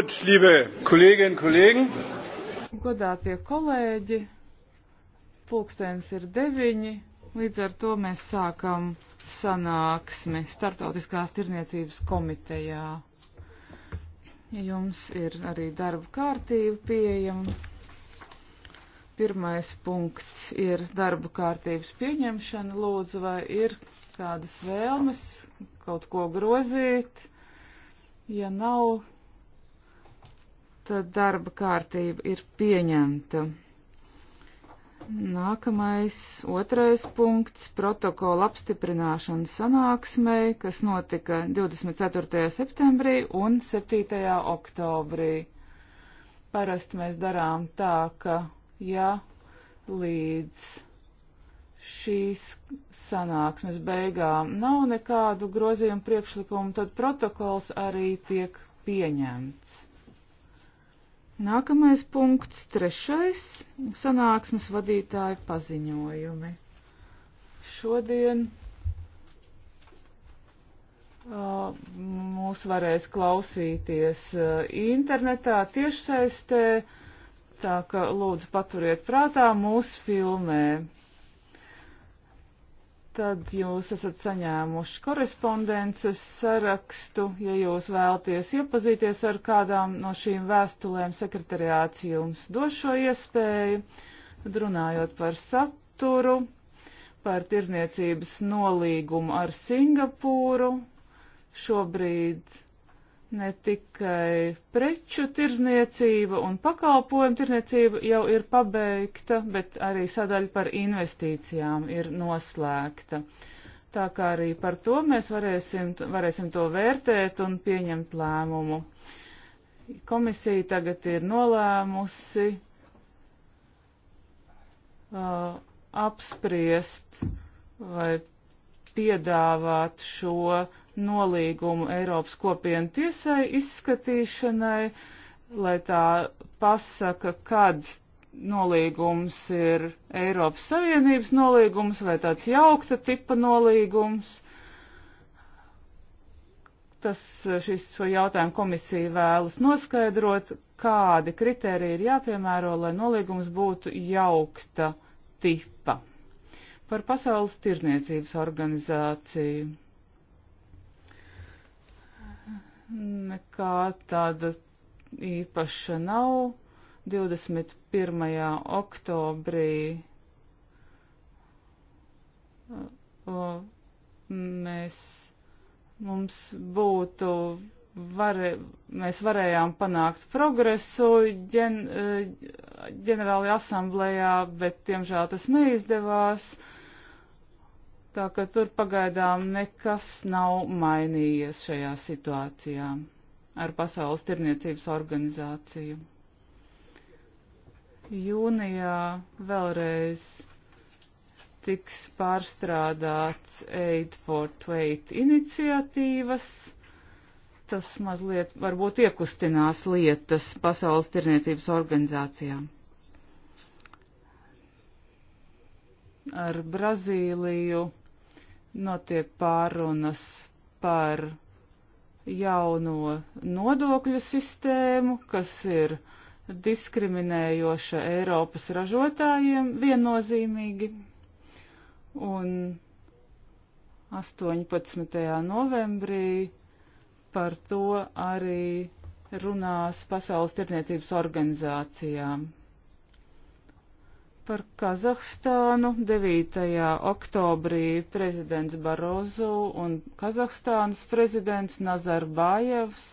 Gut, liebe Kolleginnen und Kollegen. Godātie kolēģi, pulkstens ir deviņi, līdz ar to mēs sākam sanāksmi Startautiskās tirniecības komitejā. Jums ir arī darba kārtība pieejama. Pirmais punkts ir darba kārtības pieņemšana. Lūdzu, vai ir kādas vēlmes kaut ko grozīt? Ja nav, Tad darba kārtība ir pieņemta. Nākamais, otrais punkts - protokola apstiprināšana sanāksmei, kas notika 24. septembrī un 7. oktobrī. Parasti mēs darām tā, ka ja līdz šīs sanāksmes beigām nav nekādu grozījumu priekšlikumu, tad protokols arī tiek pieņemts. Nākamais punkts, trešais - sanāksmes vadītāja paziņojumi. Šodien uh, mūs varēs klausīties uh, internetā tiešsaistē, tā ka lūdzu paturiet prātā mūsu filmē. Tad jūs esat saņēmuši korespondences sarakstu, ja jūs vēlaties iepazīties ar kādām no šīm vēstulēm, sekretariāts jums došo iespēju, tad runājot par saturu, par tirniecības nolīgumu ar Singapūru. Šobrīd ne tikai preču tirzniecība un pakalpojumu tirzniecība jau ir pabeigta, bet arī sadaļa par investīcijām ir noslēgta. Tā kā arī par to mēs varēsim, varēsim to vērtēt un pieņemt lēmumu. Komisija tagad ir nolēmusi uh, apspriest vai piedāvāt šo nolīgumu Eiropas kopienu tiesai izskatīšanai, lai tā pasaka, kad nolīgums ir Eiropas Savienības nolīgums vai tāds jaukta tipa nolīgums. Tas šis šo jautājumu komisija vēlas noskaidrot, kādi kriteriji ir jāpiemēro, lai nolīgums būtu jaukta tipa par Pasaules tirniecības organizāciju. Nekā tāda īpaša nav. 21. oktobrī mēs, mums būtu, varē, mēs varējām panākt progresu ģen, ģenerālajā asamblējā, bet, diemžēl, tas neizdevās. Uh, Tā ka tur pagaidām nekas nav mainījies šajā situācijā ar Pasaules tirniecības organizāciju. Jūnijā vēlreiz tiks pārstrādāts Aid for Twait iniciatīvas. Tas mazliet varbūt iekustinās lietas Pasaules tirniecības organizācijām. ar Brazīliju notiek pārunas par jauno nodokļu sistēmu, kas ir diskriminējoša Eiropas ražotājiem viennozīmīgi. Un 18. novembrī par to arī runās Pasaules tirniecības organizācijām par Kazahstānu. 9. oktobrī prezidents Barozu un Kazahstānas prezidents Nazarbājevs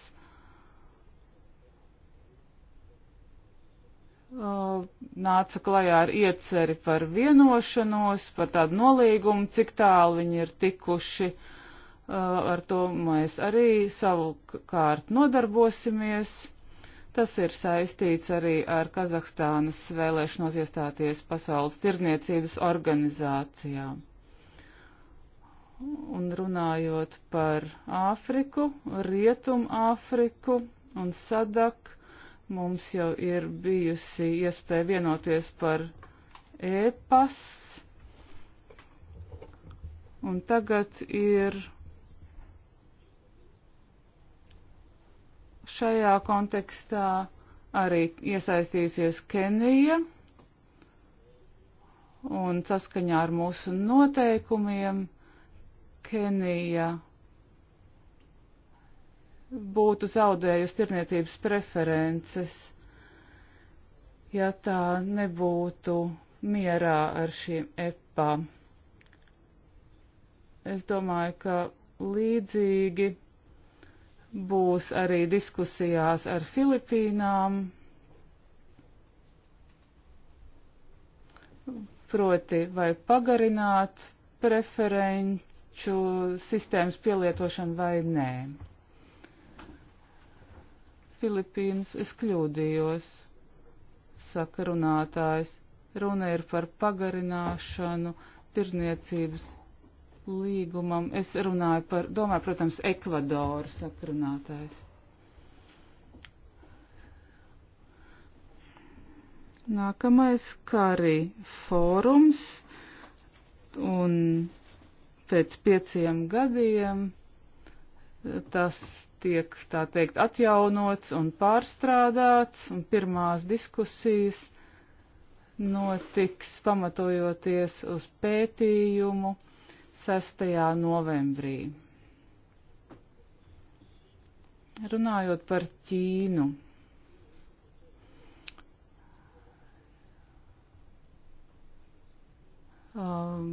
nāca klajā ar ieceri par vienošanos, par tādu nolīgumu, cik tālu viņi ir tikuši. Ar to mēs arī savukārt nodarbosimies. Tas ir saistīts arī ar Kazahstānas vēlēšanos iestāties pasaules tirgniecības organizācijā. Un runājot par Āfriku, Rietum Āfriku un Sadak, mums jau ir bijusi iespēja vienoties par ēpas. E un tagad ir Šajā kontekstā arī iesaistījusies Kenija un saskaņā ar mūsu noteikumiem Kenija būtu zaudējusi tirniecības preferences, ja tā nebūtu mierā ar šiem EPA. Es domāju, ka līdzīgi būs arī diskusijās ar Filipīnām. Proti, vai pagarināt preferenču sistēmas pielietošanu vai nē. Filipīnas es kļūdījos, saka runātājs. Runa ir par pagarināšanu tirzniecības līgumam. Es runāju par, domāju, protams, Ekvadoru sakrunātājs. Nākamais Kari fórums un pēc pieciem gadiem tas tiek, tā teikt, atjaunots un pārstrādāts, un pirmās diskusijas notiks pamatojoties uz pētījumu, 6. novembrī. Runājot par Ķīnu. Um,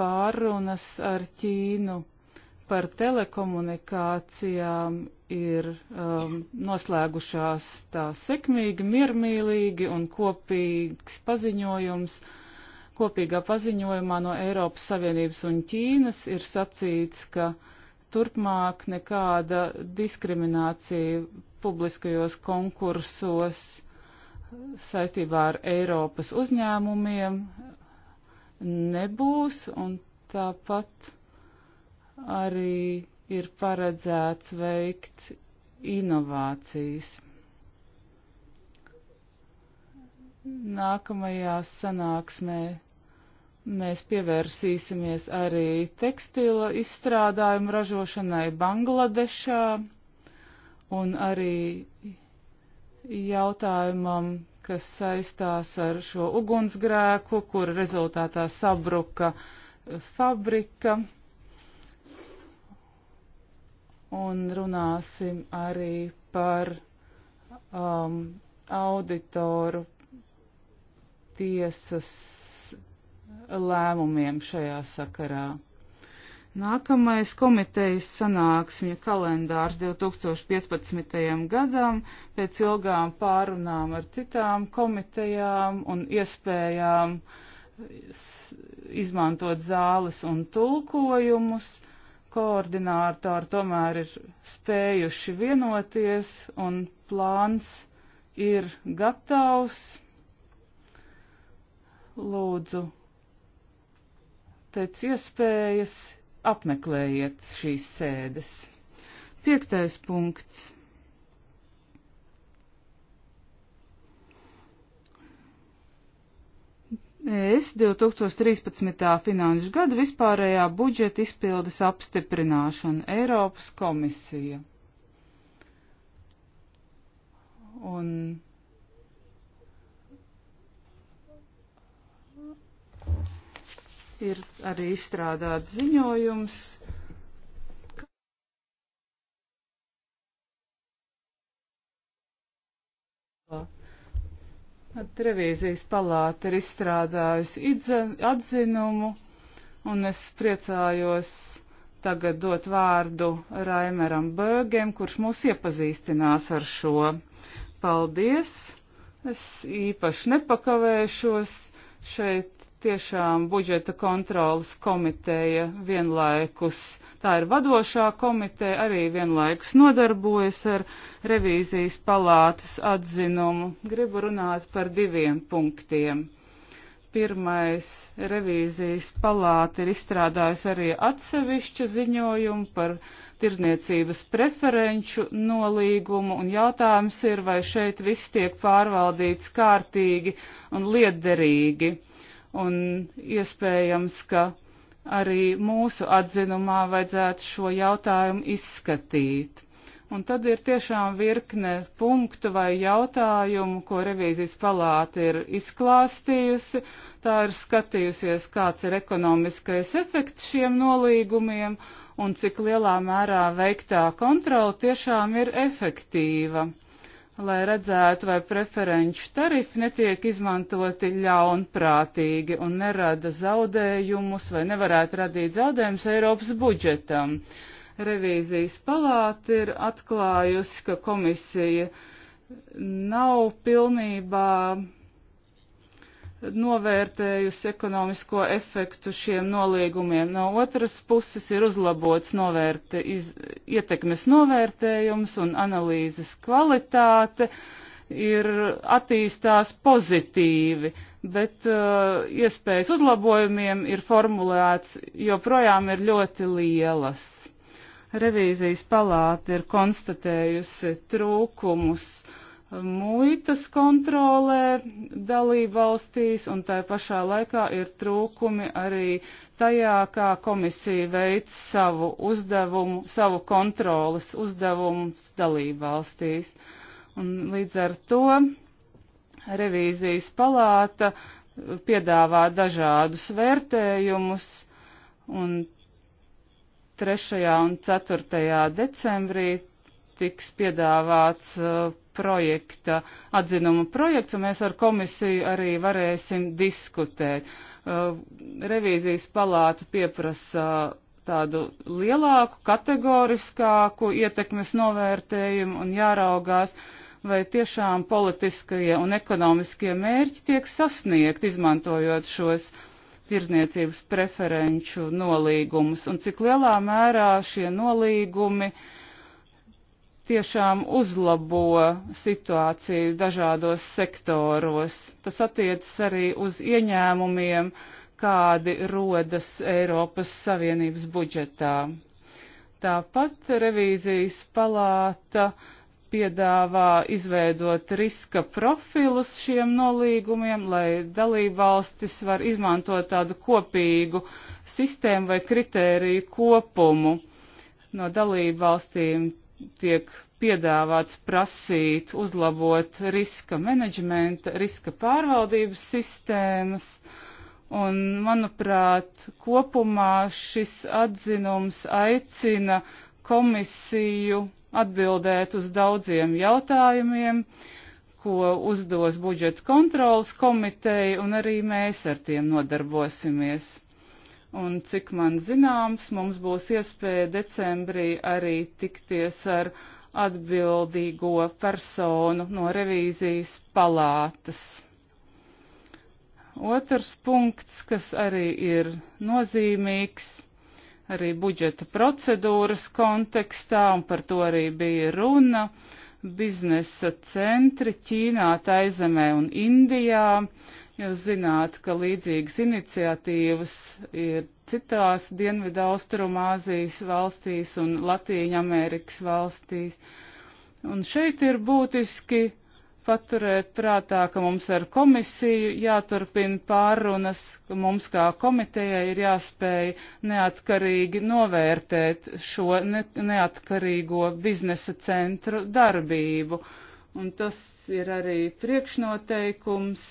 pārunas ar Ķīnu par telekomunikācijām ir um, noslēgušās tā sekmīgi, miermīlīgi un kopīgs paziņojums Kopīgā paziņojumā no Eiropas Savienības un Ķīnas ir sacīts, ka turpmāk nekāda diskriminācija publiskajos konkursos saistībā ar Eiropas uzņēmumiem nebūs, un tāpat arī ir paredzēts veikt inovācijas. Nākamajā sanāksmē Mēs pievērsīsimies arī tekstila izstrādājumu ražošanai Bangladešā un arī jautājumam, kas saistās ar šo ugunsgrēku, kur rezultātā sabruka fabrika. Un runāsim arī par um, auditoru tiesas lēmumiem šajā sakarā. Nākamais komitejas sanāksmju kalendārs 2015. gadam pēc ilgām pārunām ar citām komitejām un iespējām izmantot zāles un tulkojumus. Koordinātori tomēr ir spējuši vienoties un plāns ir gatavs. Lūdzu, pēc iespējas apmeklējiet šīs sēdes. Piektais punkts. Es 2013. finanšu gada vispārējā budžeta izpildes apstiprināšana Eiropas komisija. Un Ir arī izstrādāts ziņojums. At revīzijas palāta ir izstrādājusi atzinumu, un es priecājos tagad dot vārdu Raimeram Bēgiem, kurš mūs iepazīstinās ar šo. Paldies! Es īpaši nepakavēšos. Šeit tiešām budžeta kontrolas komiteja vienlaikus, tā ir vadošā komiteja, arī vienlaikus nodarbojas ar revīzijas palātas atzinumu. Gribu runāt par diviem punktiem. Pirmais revīzijas palāta ir izstrādājusi arī atsevišķu ziņojumu par tirniecības preferenču nolīgumu, un jautājums ir, vai šeit viss tiek pārvaldīts kārtīgi un liederīgi un iespējams, ka arī mūsu atzinumā vajadzētu šo jautājumu izskatīt. Un tad ir tiešām virkne punktu vai jautājumu, ko revīzijas palāta ir izklāstījusi. Tā ir skatījusies, kāds ir ekonomiskais efekts šiem nolīgumiem un cik lielā mērā veiktā kontrola tiešām ir efektīva lai redzētu, vai preferenču tarifi netiek izmantoti ļaunprātīgi un nerada zaudējumus vai nevarētu radīt zaudējumus Eiropas budžetam. Revīzijas palāta ir atklājusi, ka komisija nav pilnībā novērtējusi ekonomisko efektu šiem noliegumiem. No otras puses ir uzlabots novērte, iz, ietekmes novērtējums un analīzes kvalitāte ir attīstās pozitīvi, bet uh, iespējas uzlabojumiem ir formulēts joprojām ir ļoti lielas. Revīzijas palāta ir konstatējusi trūkumus uh, muitas kontrolē dalībvalstīs, un tā pašā laikā ir trūkumi arī tajā, kā komisija veic savu uzdevumu, savu kontrolas uzdevumu dalībvalstīs. Un līdz ar to revīzijas palāta piedāvā dažādus vērtējumus, un 3. un 4. decembrī tiks piedāvāts uh, projekta, atzinuma projekts, un mēs ar komisiju arī varēsim diskutēt. Uh, revīzijas palāta pieprasa tādu lielāku, kategoriskāku ietekmes novērtējumu un jāraugās, vai tiešām politiskie un ekonomiskie mērķi tiek sasniegt, izmantojot šos tirdzniecības preferenču nolīgumus, un cik lielā mērā šie nolīgumi uh, tiešām uzlabo situāciju dažādos sektoros. Tas attiecas arī uz ieņēmumiem, kādi rodas Eiropas Savienības budžetā. Tāpat revīzijas palāta piedāvā izveidot riska profilus šiem nolīgumiem, lai dalībvalstis var izmantot tādu kopīgu sistēmu vai kritēriju kopumu no dalībvalstīm tiek piedāvāts prasīt uzlabot riska menedžmenta, riska pārvaldības sistēmas, un, manuprāt, kopumā šis atzinums aicina komisiju atbildēt uz daudziem jautājumiem, ko uzdos budžeta kontrolas komiteja, un arī mēs ar tiem nodarbosimies un cik man zināms, mums būs iespēja decembrī arī tikties ar atbildīgo personu no revīzijas palātas. Otrs punkts, kas arī ir nozīmīgs, arī budžeta procedūras kontekstā, un par to arī bija runa, biznesa centri Ķīnā, Taizemē un Indijā Jūs zināt, ka līdzīgas iniciatīvas ir citās Dienvidu Austrumāzijas valstīs un Latīņa Amerikas valstīs. Un šeit ir būtiski paturēt prātā, ka mums ar komisiju jāturpina pārunas, ka mums kā komitejai ir jāspēj neatkarīgi novērtēt šo ne neatkarīgo biznesa centru darbību. Un tas ir arī priekšnoteikums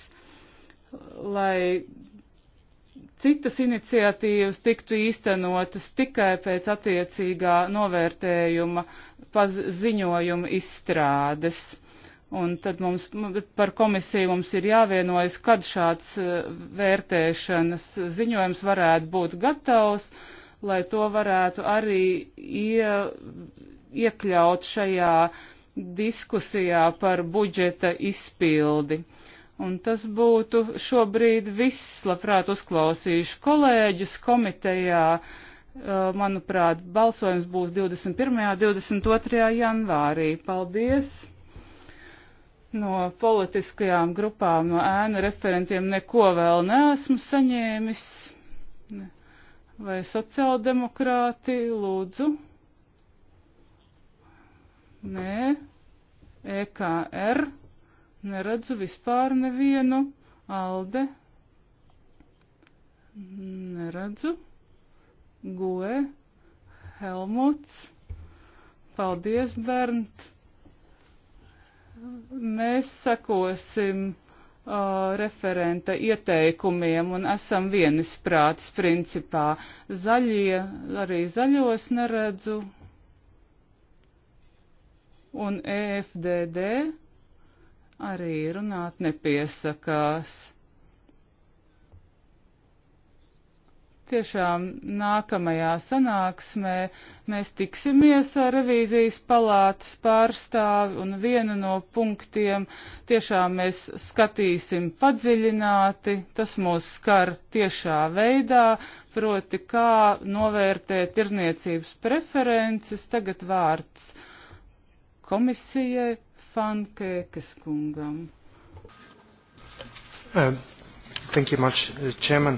lai citas iniciatīvas tiktu īstenotas tikai pēc attiecīgā novērtējuma paziņojuma izstrādes. Un tad mums par komisiju mums ir jāvienojas, kad šāds eh, vērtēšanas ziņojums varētu būt gatavs, lai to varētu arī ie, iekļaut šajā diskusijā par budžeta izpildi. Un tas būtu šobrīd viss, labprāt, uzklausīšu kolēģus komitejā. Uh, manuprāt, balsojums būs 21. un 22. janvārī. Paldies! No politiskajām grupām, no ēnu referentiem neko vēl neesmu saņēmis. Vai sociāldemokrāti lūdzu? Nē, EKR. Neredzu vispār nevienu. Alde. Neredzu. Goe. Helmuts. Paldies, Bernt. Mēs sekosim uh, referenta ieteikumiem un esam vienisprātis principā. Zaļie, arī zaļos neredzu. Un EFDD arī runāt nepiesakās. tiešām nākamajā sanāksmē mēs tiksimies ar revīzijas palātas pārstāvi un vienu no punktiem tiešām mēs skatīsim padziļināti, tas mūs skar tiešā veidā, proti kā novērtēt tirniecības preferences, tagad vārds komisijai Fankēkas kungam. Uh, thank you much, uh, Chairman.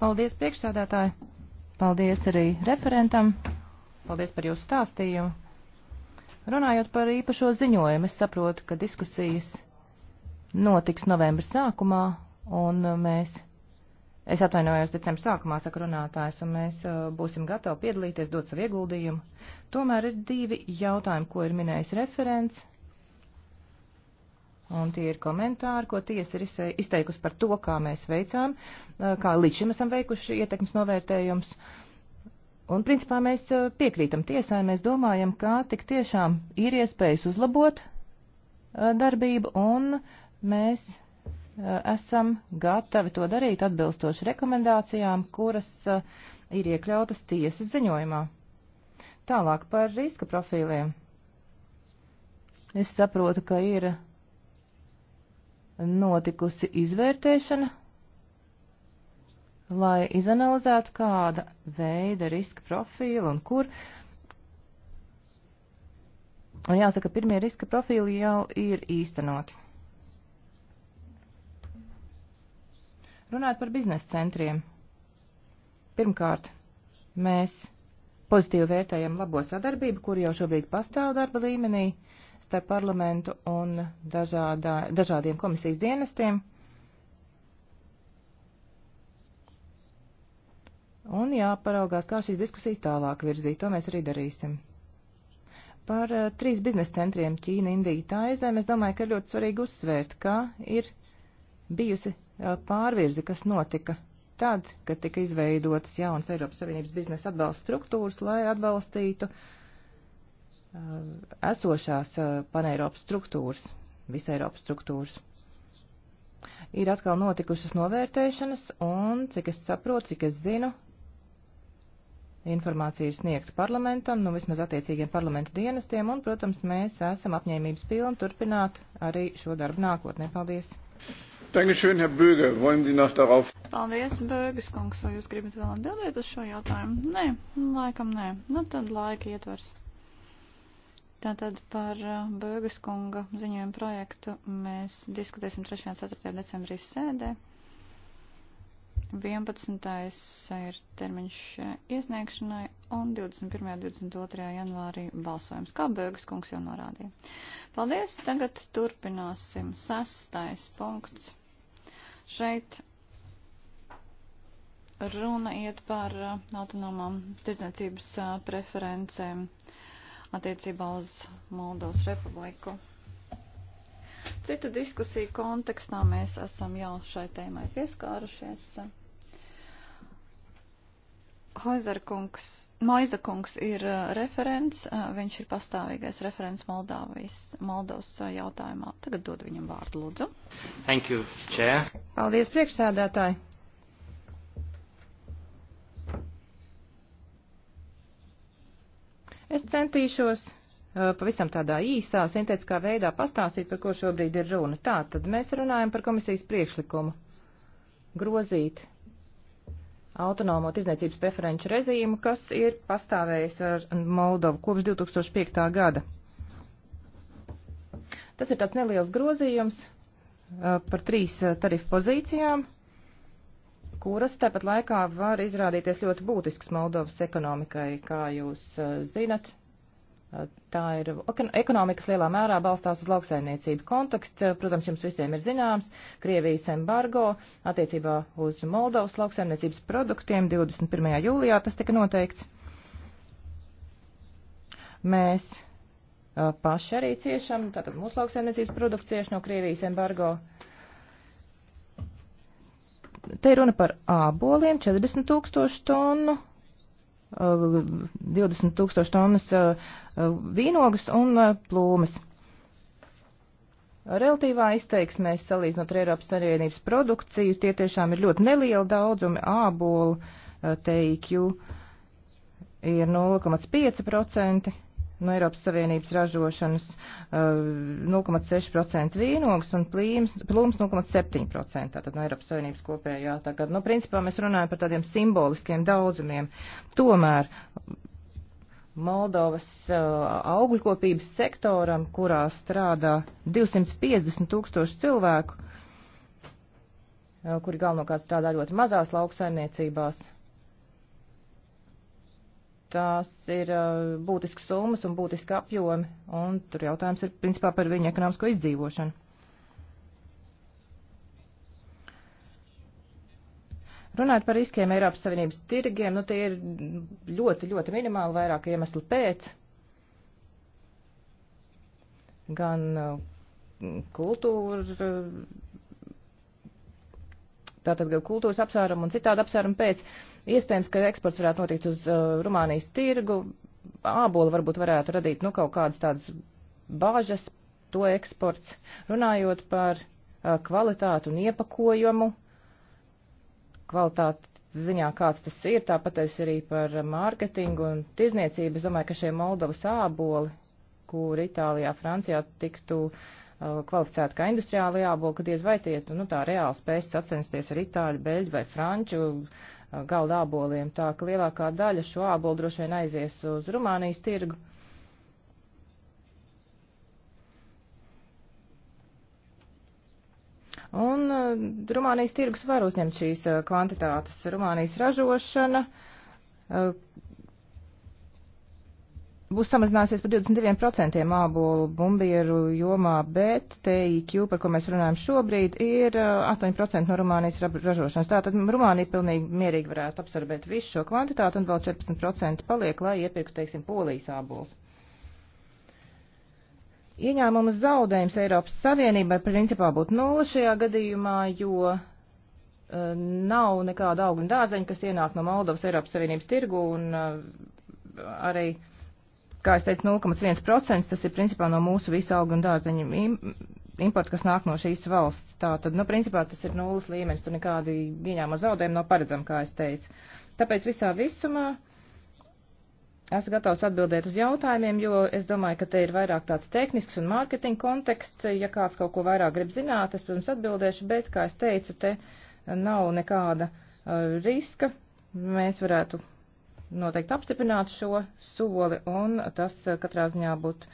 Paldies priekšsādātāji. Paldies arī referentam. Paldies par jūsu stāstījumu. Runājot par īpašo ziņojumu, es saprotu, ka diskusijas notiks novembra sākumā, un uh, mēs Es atvainojos decembra sākumā, saka runātājs, un mēs uh, būsim gatavi piedalīties, dot savu ieguldījumu. Tomēr ir divi jautājumi, ko ir minējis referents. Un tie ir komentāri, ko tiesa ir izteikusi par to, kā mēs veicām, kā līdz šim esam veikuši ietekmes novērtējums. Un, principā, mēs piekrītam tiesai, mēs domājam, kā tik tiešām ir iespējas uzlabot darbību, un mēs esam gatavi to darīt atbilstoši rekomendācijām, kuras ir iekļautas tiesas ziņojumā. Tālāk par riska profīliem. Es saprotu, ka ir notikusi izvērtēšana, lai izanalizētu, kāda veida riska profila un kur. Un jāsaka, pirmie riska profili jau ir īstenoti. Runājot par biznesa centriem. Pirmkārt, mēs pozitīvi vērtējam labo sadarbību, kur jau šobrīd pastāv darba līmenī. Uh, starp parlamentu un dažādā, dažādiem komisijas dienestiem. Un jāparaugās, kā šīs diskusijas tālāk virzīt. To mēs arī darīsim. Par uh, trīs biznesa centriem - Ķīna, Indija, Taizēm. Es domāju, ka ļoti svarīgi uzsvērt, kā ir bijusi uh, pārvirze, kas notika tad, kad tika izveidotas jaunas Eiropas Savienības biznesa atbalsta struktūras, lai atbalstītu uh, Uh, esošās uh, paneiropas struktūras, visai Eiropas struktūras. Ir atkal notikušas novērtēšanas, un, cik es saprotu, cik es zinu, informācija ir sniegta parlamentam, nu vismaz attiecīgiem parlamenta dienestiem, un, protams, mēs esam apņēmības pilni turpināt arī šo darbu nākotnē. Paldies! Dankeschön, Herr Böge. Wollen Sie noch darauf? Paldies, Böges kungs. Vai jūs gribat vēl atbildēt uz šo jautājumu? Nē, laikam nē. Nu tad laika ietvers. Tātad par uh, Bēgas kunga ziņojumu projektu mēs diskutēsim 3. un 4. decembrī sēdē. 11. ir termiņš uh, iesniegšanai un 21. un 22. janvārī balsojums, kā Bēgas kungs jau norādīja. Paldies, tagad turpināsim. Sastais punkts. Šeit runa iet par uh, autonomām tirdzniecības preferencēm attiecībā uz Moldovas republiku. Citu diskusiju kontekstā mēs esam jau šai tēmai pieskārušies. Hoizerkungs, Maizakungs ir uh, referents, uh, viņš ir pastāvīgais referents Moldāvijas, Moldovas uh, jautājumā. Tagad dod viņam vārdu, lūdzu. Thank you, Chair. Paldies, priekšsēdētāji. Es centīšos pavisam tādā īsā, sintētiskā veidā pastāstīt, par ko šobrīd ir runa. Tā tad mēs runājam par komisijas priekšlikumu grozīt autonomo tirdzniecības preferenču režīmu, kas ir pastāvējis ar Moldovu kopš 2005. gada. Tas ir tāds neliels grozījums par trīs tarifu pozīcijām kuras tāpat laikā var izrādīties ļoti būtisks Moldovas ekonomikai, kā jūs eh, zinat. Eh, tā ir ekonomikas lielā mērā balstās uz lauksaimniecību. Konteksts, eh, protams, jums visiem ir zināms, Krievijas embargo attiecībā uz Moldovas lauksaimniecības produktiem 21. jūlijā tas tika noteikts. Mēs paši arī ciešam, tātad mūsu lauksaimniecības produkts cieš no Krievijas embargo. Uh, Te ir runa par āboliem 40 tūkstošu tonu, 20 tūkstošu tonnas vīnogas un plūmes. Relatīvā izteiksmē, salīdzinot ar Eiropas Savienības produkciju, tie tiešām ir ļoti neliela daudzumi ābolu teikju ir 0,5%, no Eiropas Savienības ražošanas 0,6% eh, vīnogs un plīms, plūms 0,7% tātad no Eiropas Savienības kopējā. Tagad, nu, principā mēs runājam par tādiem simboliskiem daudzumiem. Tomēr Moldovas uh, augļkopības sektoram, kurā strādā 250 tūkstoši cilvēku, uh, kuri galvenokārt strādā ļoti mazās lauksaimniecībās, uh, tās ir uh, būtiskas summas un būtiski apjomi, un tur jautājums ir principā par viņu ekonomisko izdzīvošanu. Runājot par riskiem Eiropas Savienības tirgiem, nu tie ir ļoti, ļoti minimāli vairāk iemeslu pēc. Gan uh, kultūra, uh, tātad gan kultūras apsvērumu un citādi apsvērumu pēc. Uh, Iespējams, ka eksports varētu notikt uz uh, Rumānijas tirgu, ābola varbūt varētu radīt nu, kaut kādas tādas bāžas, to eksports. Runājot par uh, kvalitātu un iepakojumu, kvalitāti ziņā, kāds tas ir, tāpat es arī par mārketingu un tirzniecību. Es domāju, ka šie Moldovas āboli, kur Itālijā, Francijā tiktu uh, kvalificēti kā industriāli jābūt, ka diez vai tie, nu tā reāli spēs sacensties ar itāļu, beļģu vai franču Uh, galda āboliem, tā ka lielākā daļa šo ābolu droši vien aizies uz Rumānijas tirgu. Un uh, Rumānijas tirgus var uzņemt šīs uh, kvantitātes. Rumānijas ražošana uh, būs samazināsies par 22% ābolu bumbieru jomā, bet TIQ, par ko mēs runājam šobrīd, ir 8% no Rumānijas ražošanas. Tātad Rumānija pilnīgi mierīgi varētu absorbēt visu šo kvantitātu un vēl 14% paliek, lai iepirktu, teiksim, polijas ābolus. Ieņēmumu zaudējums Eiropas Savienībai principā būtu nulle šajā gadījumā, jo nav nekāda augļu dārzeņu, kas ienāk no Moldovas Eiropas Savienības tirgu un arī uh, kā es teicu, 0,1%, tas ir principā no mūsu visu augu un dārzeņu importu, kas nāk no šīs valsts. Tā tad, nu, principā tas ir nulles līmenis, tur nekādi ieņēma zaudējumi nav paredzami, kā es teicu. Tāpēc visā visumā esmu gatavs atbildēt uz jautājumiem, jo es domāju, ka te ir vairāk tāds tehnisks un mārketinga konteksts. Ja kāds kaut ko vairāk grib zināt, es, protams, atbildēšu, bet, kā es teicu, te nav nekāda uh, riska. Mēs varētu noteikti apstiprināt šo soli, un tas eh, katrā ziņā būtu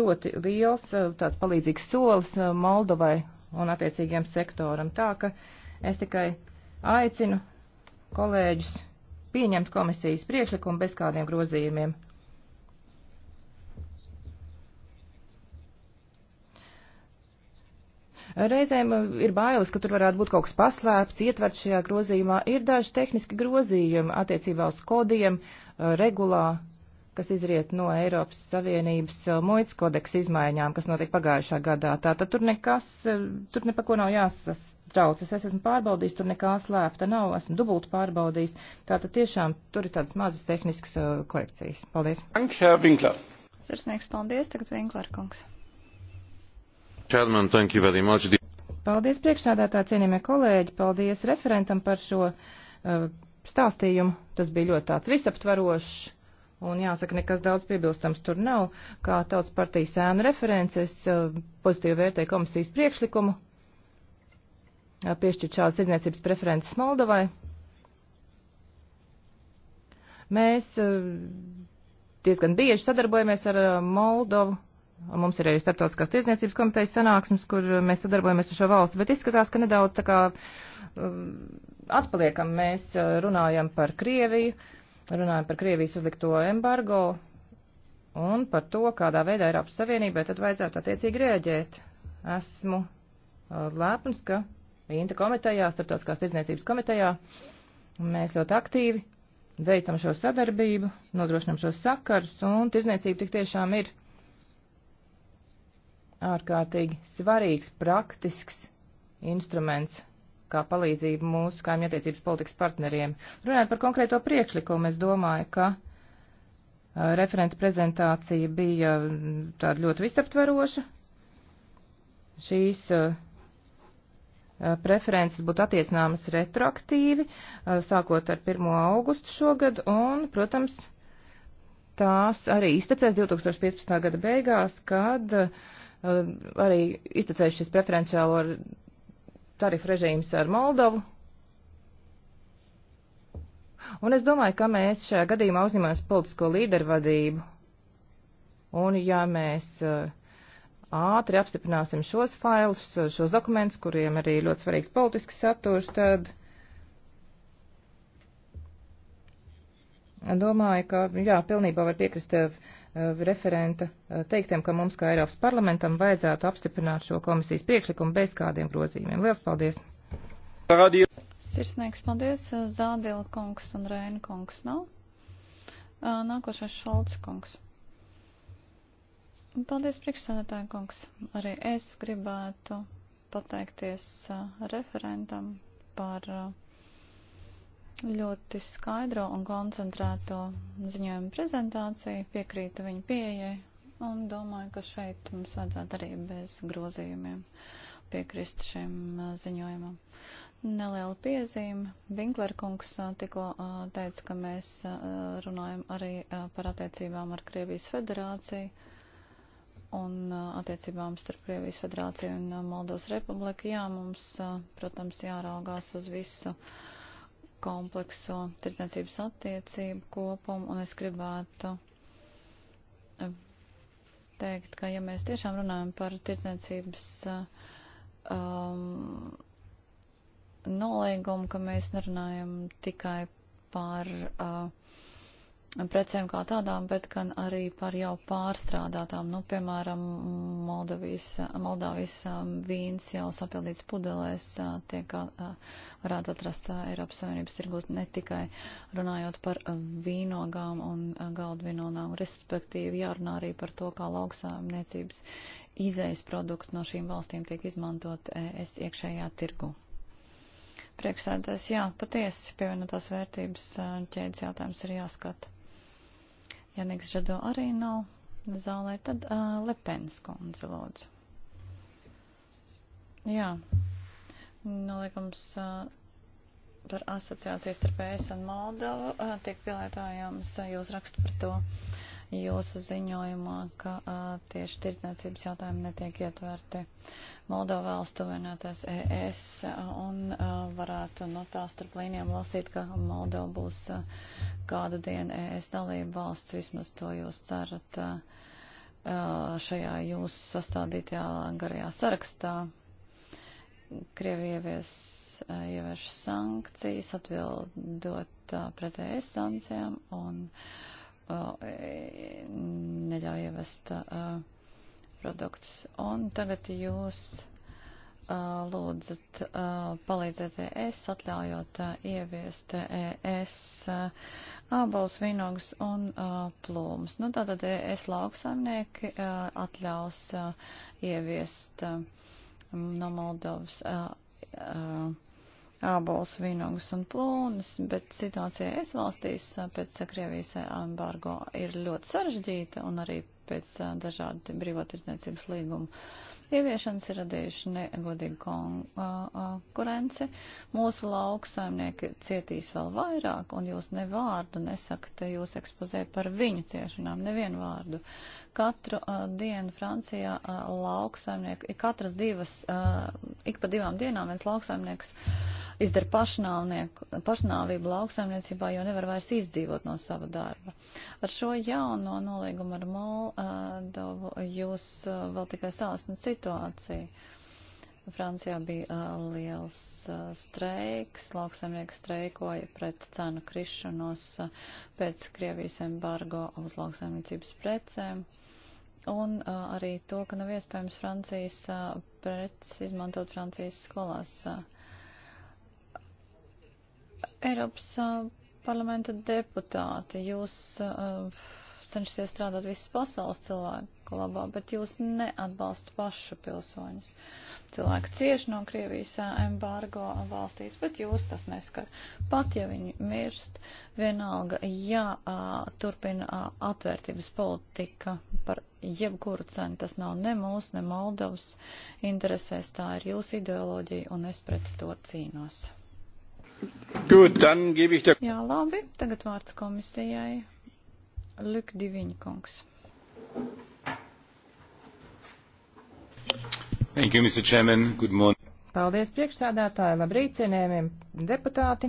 ļoti liels eh, tāds palīdzīgs solis eh, Moldovai un attiecīgiem sektoram. Tā ka es tikai aicinu kolēģus pieņemt komisijas priekšlikumu bez kādiem grozījumiem. Reizēm uh, ir bailes, ka tur varētu būt kaut kas paslēpts, ietverts šajā grozījumā. Ir daži tehniski grozījumi attiecībā uz kodiem uh, regulā kas izriet no Eiropas Savienības uh, muitas kodeksa izmaiņām, kas notika pagājušā gadā. Tātad tur nekas, tur nepako nav jāsastraucas. Es esmu pārbaudījis, tur nekā slēpta nav, esmu dubult pārbaudījis. Tātad tiešām tur ir tādas mazas tehniskas korekcijas. Paldies. Sirsnieks, paldies. Tagad Vinklēr kungs. Chairman, thank you very much. Paldies priekšsādātā cienījamie kolēģi, paldies referentam par šo uh, stāstījumu. Tas bija ļoti tāds visaptvarošs. Un jāsaka, nekas daudz piebilstams tur nav. Kā tautas partijas ēnu references uh, pozitīvi vērtēja komisijas priekšlikumu uh, piešķirt šādas tirdzniecības preferences Moldovai. Mēs uh, diezgan bieži sadarbojamies ar uh, Moldovu Mums ir arī starptautiskās tirdzniecības komitejas sanāksmes, kur uh, mēs sadarbojamies ar šo valstu, bet izskatās, ka nedaudz tā kā um, atpaliekam. Mēs uh, runājam par Krieviju, runājam par Krievijas uzlikto embargo un par to, kādā veidā Eiropas Savienībai tad vajadzētu attiecīgi rēģēt. Esmu uh, lēpns, ka Inta komitejā, starptautiskās tirdzniecības komitejā, mēs ļoti aktīvi veicam šo sadarbību, nodrošinam šos sakarus, un tirdzniecība tik tiešām ir ārkārtīgi svarīgs, praktisks instruments, kā palīdzību mūsu kaimiņattiecības politikas partneriem. Runājot par konkrēto priekšlikumu, es domāju, ka referenta prezentācija bija tāda ļoti visaptveroša. Šīs preferences būtu attiecināmas retroaktīvi, sākot ar 1. augustu šogad, un, protams, tās arī iztecēs 2015. gada beigās, kad uh, Ehm, arī iztecējušies preferenciālo tarifu režīms ar Moldovu. Un es domāju, ka mēs šajā gadījumā uzņemamies politisko līdervadību. Un ja mēs eh, ātri apstiprināsim šos failus, šos dokumentus, kuriem arī ļoti svarīgs politisks saturs, tad domāju, ka jā, pilnībā var piekrist eh, Eh, referenta eh, teiktiem, ka mums kā Eiropas parlamentam vajadzētu apstiprināt šo komisijas priekšlikumu bez kādiem grozījumiem. Lielas paldies! Sirsnieks, paldies! Eh, Zādila kungs un Rēna kungs nav. Nākošais Šalds kungs. Paldies, priekšsēdētāja kungs. Arī es gribētu pateikties referentam par uh, ļoti skaidro un koncentrēto ziņojumu prezentāciju, piekrītu viņa pieejai un domāju, ka šeit mums vajadzētu arī bez grozījumiem piekrist šim ziņojumam. Neliela piezīme. Vinklerkungs tikko teica, ka mēs runājam arī par attiecībām ar Krievijas federāciju un attiecībām starp Krievijas federāciju un Moldovas republiku. Jā, mums, protams, jāraugās uz visu uh, komplekso tirdzniecības attiecību kopumu, un es gribētu eh, teikt, ka ja mēs tiešām runājam par tirdzniecības eh, um, nolīgumu, ka mēs nerunājam tikai par uh, precēm kā tādām, bet gan arī par jau pārstrādātām, nu, piemēram, Moldavijas, Moldavijas um, vīns jau sapildīts pudelēs uh, tiek uh, varētu atrast uh, Eiropas Savienības tirgūs ne tikai runājot par vīnogām un galdvinonām, respektīvi jārunā arī par to, kā lauksāmniecības izejas produkti no šīm valstīm tiek izmantot es iekšējā tirgū. Priekšsēdētājs, jā, patiesi pievienotās vērtības ķēdes jautājums ir jāskata. Ja Niks Žado arī nav zālē, tad uh, Lepens kundze lūdzu. Jā, noliekums nu, uh, par asociāciju starp ES un Moldovu uh, tiek pielietojams uh, jūs rakstu par to. Uh, jūsu ziņojumā, ka a, tieši tirdzniecības jautājumi netiek ietverti Moldovā valsts tuvinātās ES un a, varētu no tā starp līnijām lasīt, ka Moldova būs a, kādu dienu ES dalība valsts, vismaz to jūs cerat a, a, šajā jūsu sastādītajā garajā sarakstā. Krievija ievies ievieš sankcijas, atbildot pretējas e sankcijām, un E, neļauj ievest produktus. Un tagad jūs lūdzat palīdzēt ES, atļaujot ieviest ES ābolus, vīnogus un plūmus. Nu, tātad ES lauksaimnieki atļaus ieviest no Moldovas. Uh, uh, ābols, vīnogas un plūnes, bet situācija es valstīs pēc Krievijas embargo ir ļoti sarežģīta un arī pēc dažādu brīvotirdzniecības līgumu ieviešanas ir radījuši negodīgu konkurenci. Mūsu lauksaimnieki cietīs vēl vairāk, un jūs ne vārdu nesakat jūs ekspozē par viņu ciešanām, nevienu vārdu. Katru uh, dienu Francijā uh, lauksaimnieki, katras divas, uh, ik pa divām dienām viens lauksaimnieks izdara pašnāvību lauksaimniecībā, jo nevar vairs izdzīvot no sava darba. Ar šo jauno nolīgumu ar Moldovu jūs uh, vēl tikai sāsnat situāciju. Uh, Francijā bija liels streiks, lauksaimnieki streikoja pret cenu krišanos pēc Krievijas embargo uz lauksaimniecības precēm. Un arī to, ka nav iespējams Francijas preces izmantot Francijas skolās. Eiropas parlamenta deputāti, jūs cenšaties strādāt visas pasaules cilvēku labā, bet jūs neatbalstat pašu pilsoņus. Uh, cilvēki cieši no Krievijas embargo valstīs, bet jūs tas neskar. Pat ja viņi mirst, vienalga, ja a, turpina a, atvērtības politika par jebkuru cenu, tas nav ne mūsu, ne Moldovas interesēs, tā ir jūsu ideoloģija, un es pret to cīnos. Good, then, the... Jā, labi, tagad vārds komisijai. Luk Diviņkungs. Thank you. Thank you, Mr. Chairman. Good morning. Paldies priekšsādātāji, labrīt cienējumiem deputāti.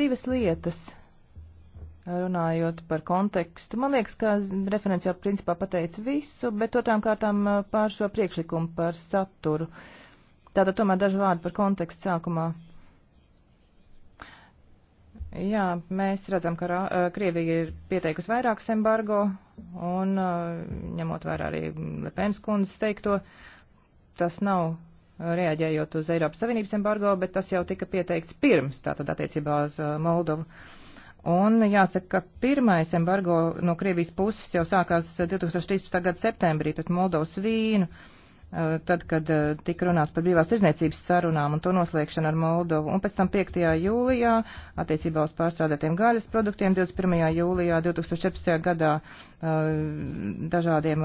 Divas lietas runājot par kontekstu. Man liekas, ka referents jau principā pateica visu, bet otrām kārtām pār šo priekšlikumu par saturu. Tātad tomēr daži vārdi par kontekstu sākumā. Jā, mēs redzam, ka eh, Krievija ir pieteikusi vairākas embargo un eh, ņemot vērā arī Lepenas kundzes teikto, tas nav reaģējot uz Eiropas Savienības embargo, bet tas jau tika pieteikts pirms, tātad attiecībā uz eh, Moldovu. Un jāsaka, ka pirmais embargo no Krievijas puses jau sākās 2013. gada septembrī pret Moldovas vīnu. Uh, Eh, tad, kad eh, tika runāts par brīvās tirdzniecības sarunām un to noslēgšanu ar Moldovu. Un pēc tam 5. jūlijā attiecībā uz pārstrādātiem gaļas produktiem, 21. jūlijā 2014. gadā eh, dažādiem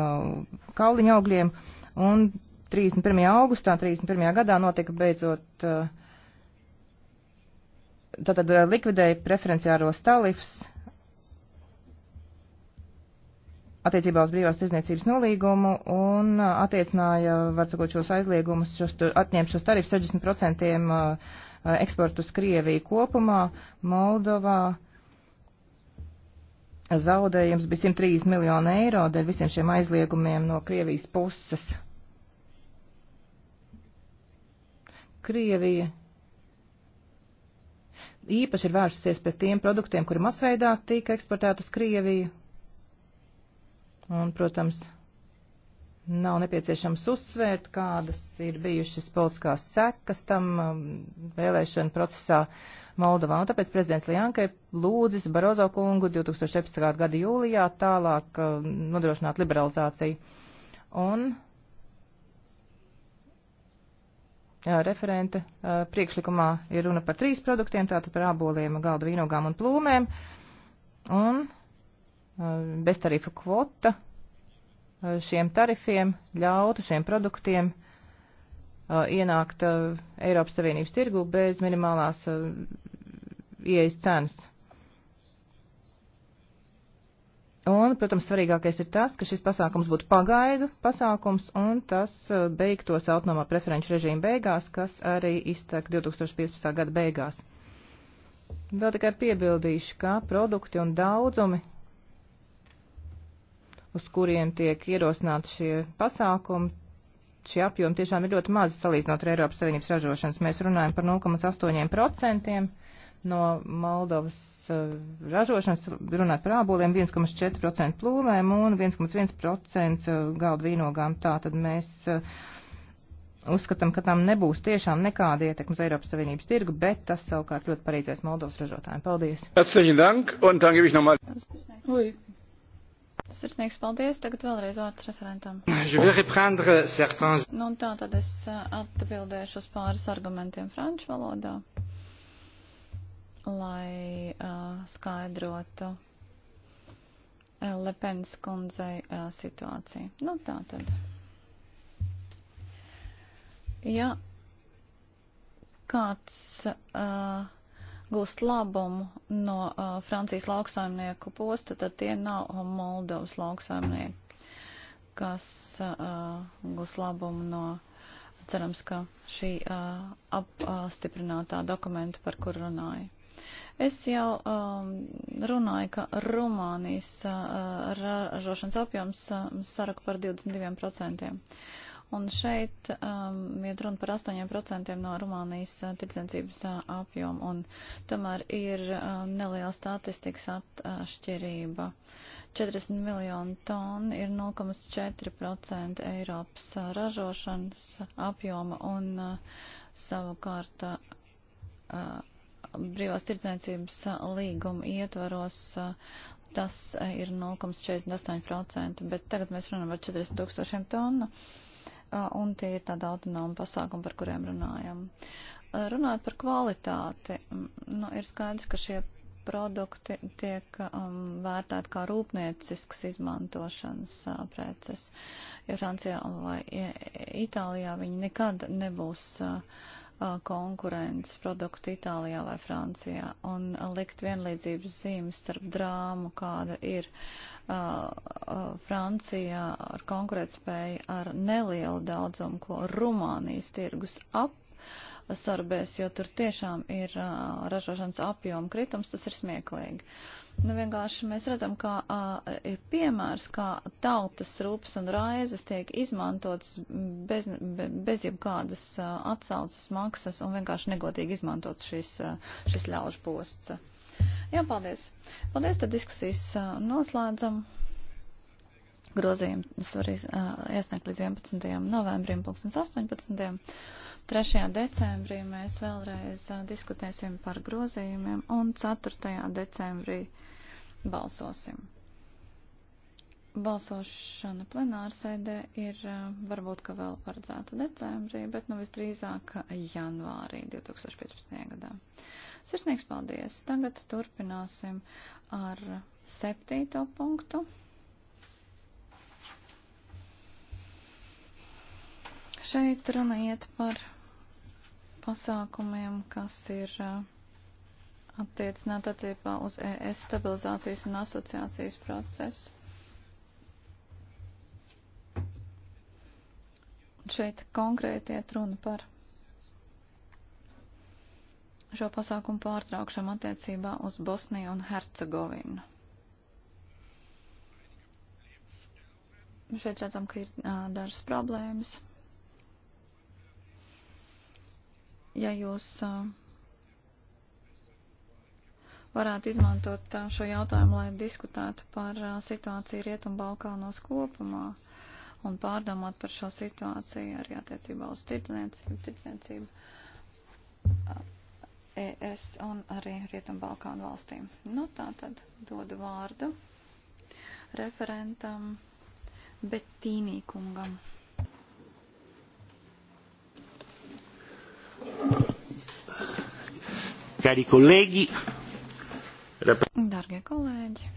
kauliņa augļiem un 31. augustā 31. gadā notika beidzot. Tātad likvidēja preferenciāros talifus attiecībā uz brīvās tirdzniecības nolīgumu un uh, attiecināja, var sakot, šos aizliegumus, šos atņemt šos tarifus 60% uh, uh, eksportu uz Krieviju kopumā. Moldovā zaudējums bija 130 miljonu eiro dēļ visiem šiem aizliegumiem no Krievijas puses. Krievija īpaši ir vērsusies pret tiem produktiem, kuri masveidā tika eksportēti uz Krieviju, Un, protams, nav nepieciešams uzsvērt, kādas ir bijušas politiskās sekas tam um, vēlēšanu procesā Moldovā. Un tāpēc prezidents Lijankai lūdzis Barozo kungu 2017. gada jūlijā tālāk um, nodrošināt liberalizāciju. Un jā, referente uh, priekšlikumā ir runa par trīs produktiem, tātad par āboliem, galda vīnogām un plūmēm. Un beztarifu kvota eh, šiem tarifiem ļautu šiem produktiem eh, ienākt eh, Eiropas Savienības tirgu bez minimālās ieejas cenas. Un, protams, svarīgākais ir tas, ka šis pasākums būtu pagaidu pasākums un tas beigtos autonomā preferenču režīma beigās, kas arī iztek 2015. gada beigās. Vēl tikai piebildīšu, ka produkti un daudzumi uz kuriem tiek ierosināti šie pasākumi, šie apjomi tiešām ir ļoti mazi salīdzinot ar Eiropas Savienības ražošanas. Mēs runājam par 0,8% no Moldovas eh, ražošanas, runāt par āboliem, 1,4% plūvēm un 1,1% eh, galdu vīnogām. Tā tad mēs eh, uzskatām, ka tam nebūs tiešām nekāda ietekme uz Eiropas Savienības tirgu, bet tas savukārt ļoti palīdzēs Moldovas ražotājiem. Paldies! Herzlichen Dank un dann gebe ich nochmal. Sirsnīgs paldies. Tagad vēlreiz vārds referentam. Certains... Nu, tā tad es eh, atbildēšu uz pāris argumentiem franču valodā, lai uh, skaidrotu eh, Lepenas kundzei uh, situāciju. Nu, tā tad. Ja kāds. Uh, gūst labumu no uh, Francijas lauksaimnieku posta, tad tie nav Moldovas lauksaimnieki, kas uh, gūst labumu no. Cerams, ka šī uh, apstiprinātā dokumenta, par kur runāju. Es jau um, runāju, ka Rumānijas uh, ražošanas apjoms uh, um, saraka par 22%. Un šeit um, iet runa par 8% no Rumānijas uh, tirdzniecības uh, apjomu, un tomēr ir um, neliela statistikas atšķirība. 40 miljonu tonu ir 0,4% Eiropas uh, ražošanas apjoma, un uh, savukārt uh, brīvās tirdzniecības uh, līguma ietvaros uh, tas uh, ir 0,48%, bet tagad mēs runājam par 40 tūkstošiem tonu. Uh, un tie ir tādi autonomi pasākumi, par kuriem runājam. Runājot par kvalitāti, nu, ir skaidrs, ka šie produkti tiek um, vērtēti kā rūpniecisks izmantošanas uh, preces. Ja Francijā vai Itālijā viņi nekad nebūs uh, konkurences produktu Itālijā vai Francijā un likt vienlīdzības zīmes starp drāmu, kāda ir uh, Francijā ar konkurētspēju ar nelielu daudzumu, ko Rumānijas tirgus ap sarbēs, jo tur tiešām ir uh, ražošanas apjoma kritums, tas ir smieklīgi. Nu, vienkārši mēs redzam, kā uh, ir piemērs, kā tautas rūpes un raizes tiek izmantotas bez, be, bez jebkādas uh, atsaucas maksas un vienkārši negodīgi izmantots šis, uh, šis ļaužu posts. Jā, paldies. Paldies, tad diskusijas noslēdzam. Grozījumus var iesniegt līdz 11. novembrim, 2018. 3. decembrī mēs vēlreiz diskutēsim par grozījumiem un 4. decembrī balsosim. Balsošana plenārsēdē ir varbūt, ka vēl paredzēta decembrī, bet nu visdrīzāk janvārī 2015. gadā. Sirsnīgs paldies! Tagad turpināsim ar septīto punktu. Šeit runa iet par pasākumiem, kas ir uh, attiecināt attiecībā uz ES stabilizācijas un asociācijas procesu. Šeit konkrēti iet runa par šo pasākumu pārtraukšanu attiecībā uz Bosniju un Hercegovinu. Šeit redzam, ka ir dažas problēmas. Ja jūs varētu izmantot šo jautājumu, lai diskutētu par situāciju Rietumbalkānos kopumā un pārdomāt par šo situāciju arī attiecībā uz tirdzniecību. tirdzniecību ES un arī Rietumbalkānu valstīm. Nu, tā tad dodu vārdu referentam Betīnī kungam. Cari colleghi, Dargie kolēģi,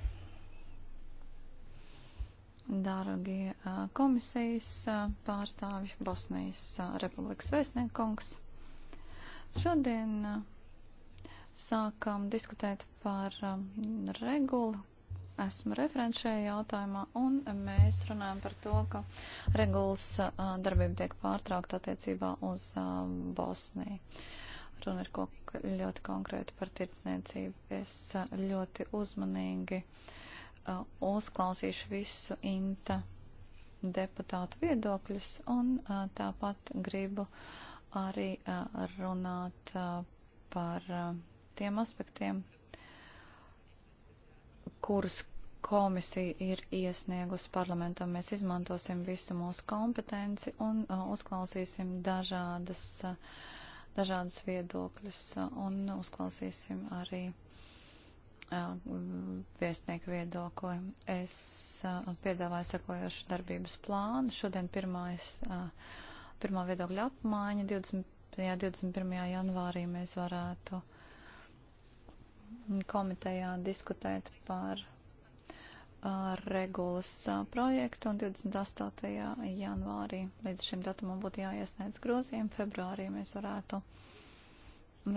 dargie komisijas pārstāvi Bosnijas Republikas vēstniekungs, šodien sākam diskutēt par um, regulu. Esmu referents šajā jautājumā, un mēs runājam par to, ka regulas uh, darbība tiek pārtraukta attiecībā uz um, Bosniju. Runa ir ko ļoti konkrēti par tirdzniecību. Es uh, ļoti uzmanīgi uh, uzklausīšu visu Inta deputātu viedokļus, un tāpat gribu arī runāt par tiem aspektiem, kurus komisija ir iesniegusi parlamentam. Mēs izmantosim visu mūsu kompetenci un uh, uzklausīsim dažādas, uh, dažādas viedokļus uh, un uzklausīsim arī viesnieku viedokli. Es piedāvāju sekojošu darbības plānu. Šodien pirmais, pirmā viedokļa apmaiņa 20. 21. janvārī mēs varētu komitejā diskutēt par regulas projektu un 28. janvārī līdz šim datumam būtu jāiesniedz grozījumi. Februārī mēs varētu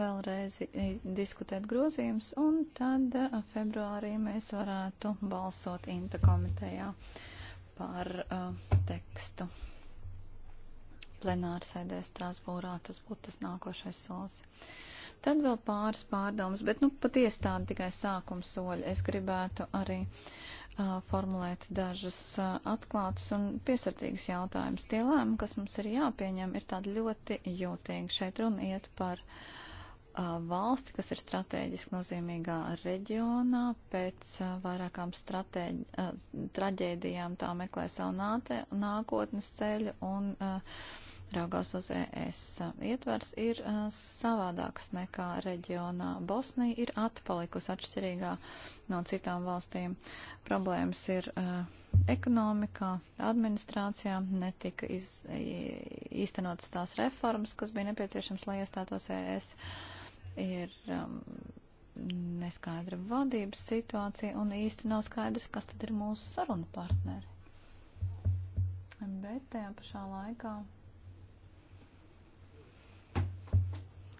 vēlreiz diskutēt grozījumus un tad februārī mēs varētu balsot Inta komitejā par uh, tekstu. Plenārsēdē Strasbūrā tas būtu tas nākošais solis. Uh, Tad vēl pāris pārdomas, bet nu patiesi tāda tikai sākuma soļa. Es gribētu arī uh, formulēt dažas uh, atklātas un piesardzīgas jautājumas. Tie lēmumi, kas mums ir jāpieņem, ir tādi ļoti jūtīgi. Šeit runa iet par uh, valsti, kas ir strateģiski nozīmīgā reģionā, pēc uh, vairākām stratēģi, uh, traģēdijām tā meklē savu nāte, nākotnes ceļu un uh, raugās uz ES. Ietvers ir savādāks nekā reģionā. Bosnija ir atpalikusi atšķirīgā no citām valstīm. Problēmas ir ekonomikā, administrācijā, netika iz, īstenotas tās reformas, kas bija nepieciešams, lai iestātos ES. Ir um, neskaidra vadības situācija un īsti nav skaidrs, kas tad ir mūsu sarunu partneri. Bet tajā pašā laikā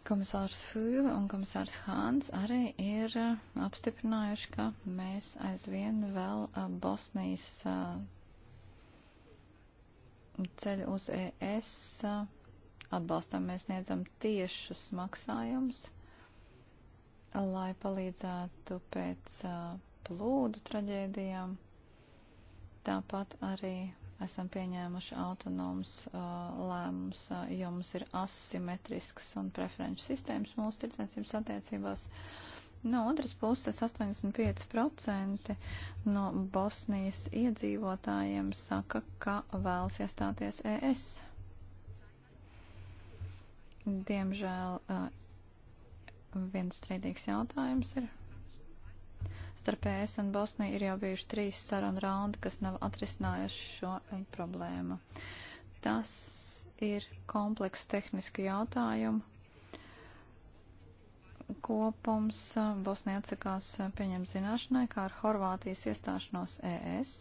Komisārs Fūle un komisārs Hāns arī ir uh, apstiprinājuši, ka mēs aizvien vēl uh, Bosnijas uh, ceļu uz ES atbalstam. Mēs niedzam tiešus maksājumus, lai palīdzētu pēc plūdu traģēdijām. Tāpat arī esam pieņēmuši autonomus uh, lēmumus, uh, jo mums ir asimetrisks un preferenču sistēmas mūsu tirdzniecības attiecībās. No otras puses, 85% no Bosnijas iedzīvotājiem saka, ka vēlas iestāties ES. Diemžēl uh, viens strīdīgs jautājums ir starp ES un Bosniju ir jau bijuši trīs sarunu raundi, kas nav atrisinājuši šo eh, problēmu. Tas ir kompleks tehniski jautājumu kopums. Eh, Bosnija atsakās eh, pieņemt zināšanai, kā ar Horvātijas iestāšanos ES.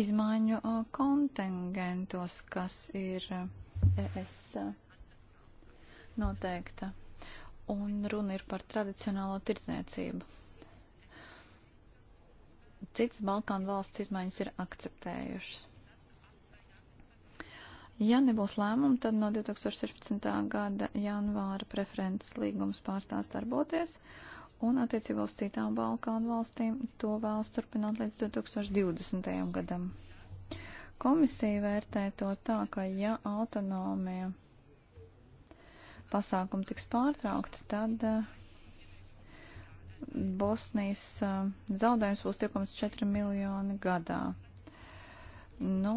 izmaiņu kontingentos, kas ir ES e, noteikta. Un runa ir par tradicionālo tirdzniecību. Cits Balkānu valsts izmaiņas ir akceptējušas. Ja nebūs lēmuma, tad no 2016. gada janvāra preferences līgums pārstās darboties, un attiecībā uz citām Balkānu valstīm to vēlas turpināt līdz 2020. gadam. Komisija vērtē to tā, ka ja autonomija pasākumi tiks pārtraukti, tad eh, Bosnijas eh, zaudējums būs 2,4 miljoni gadā. Nu,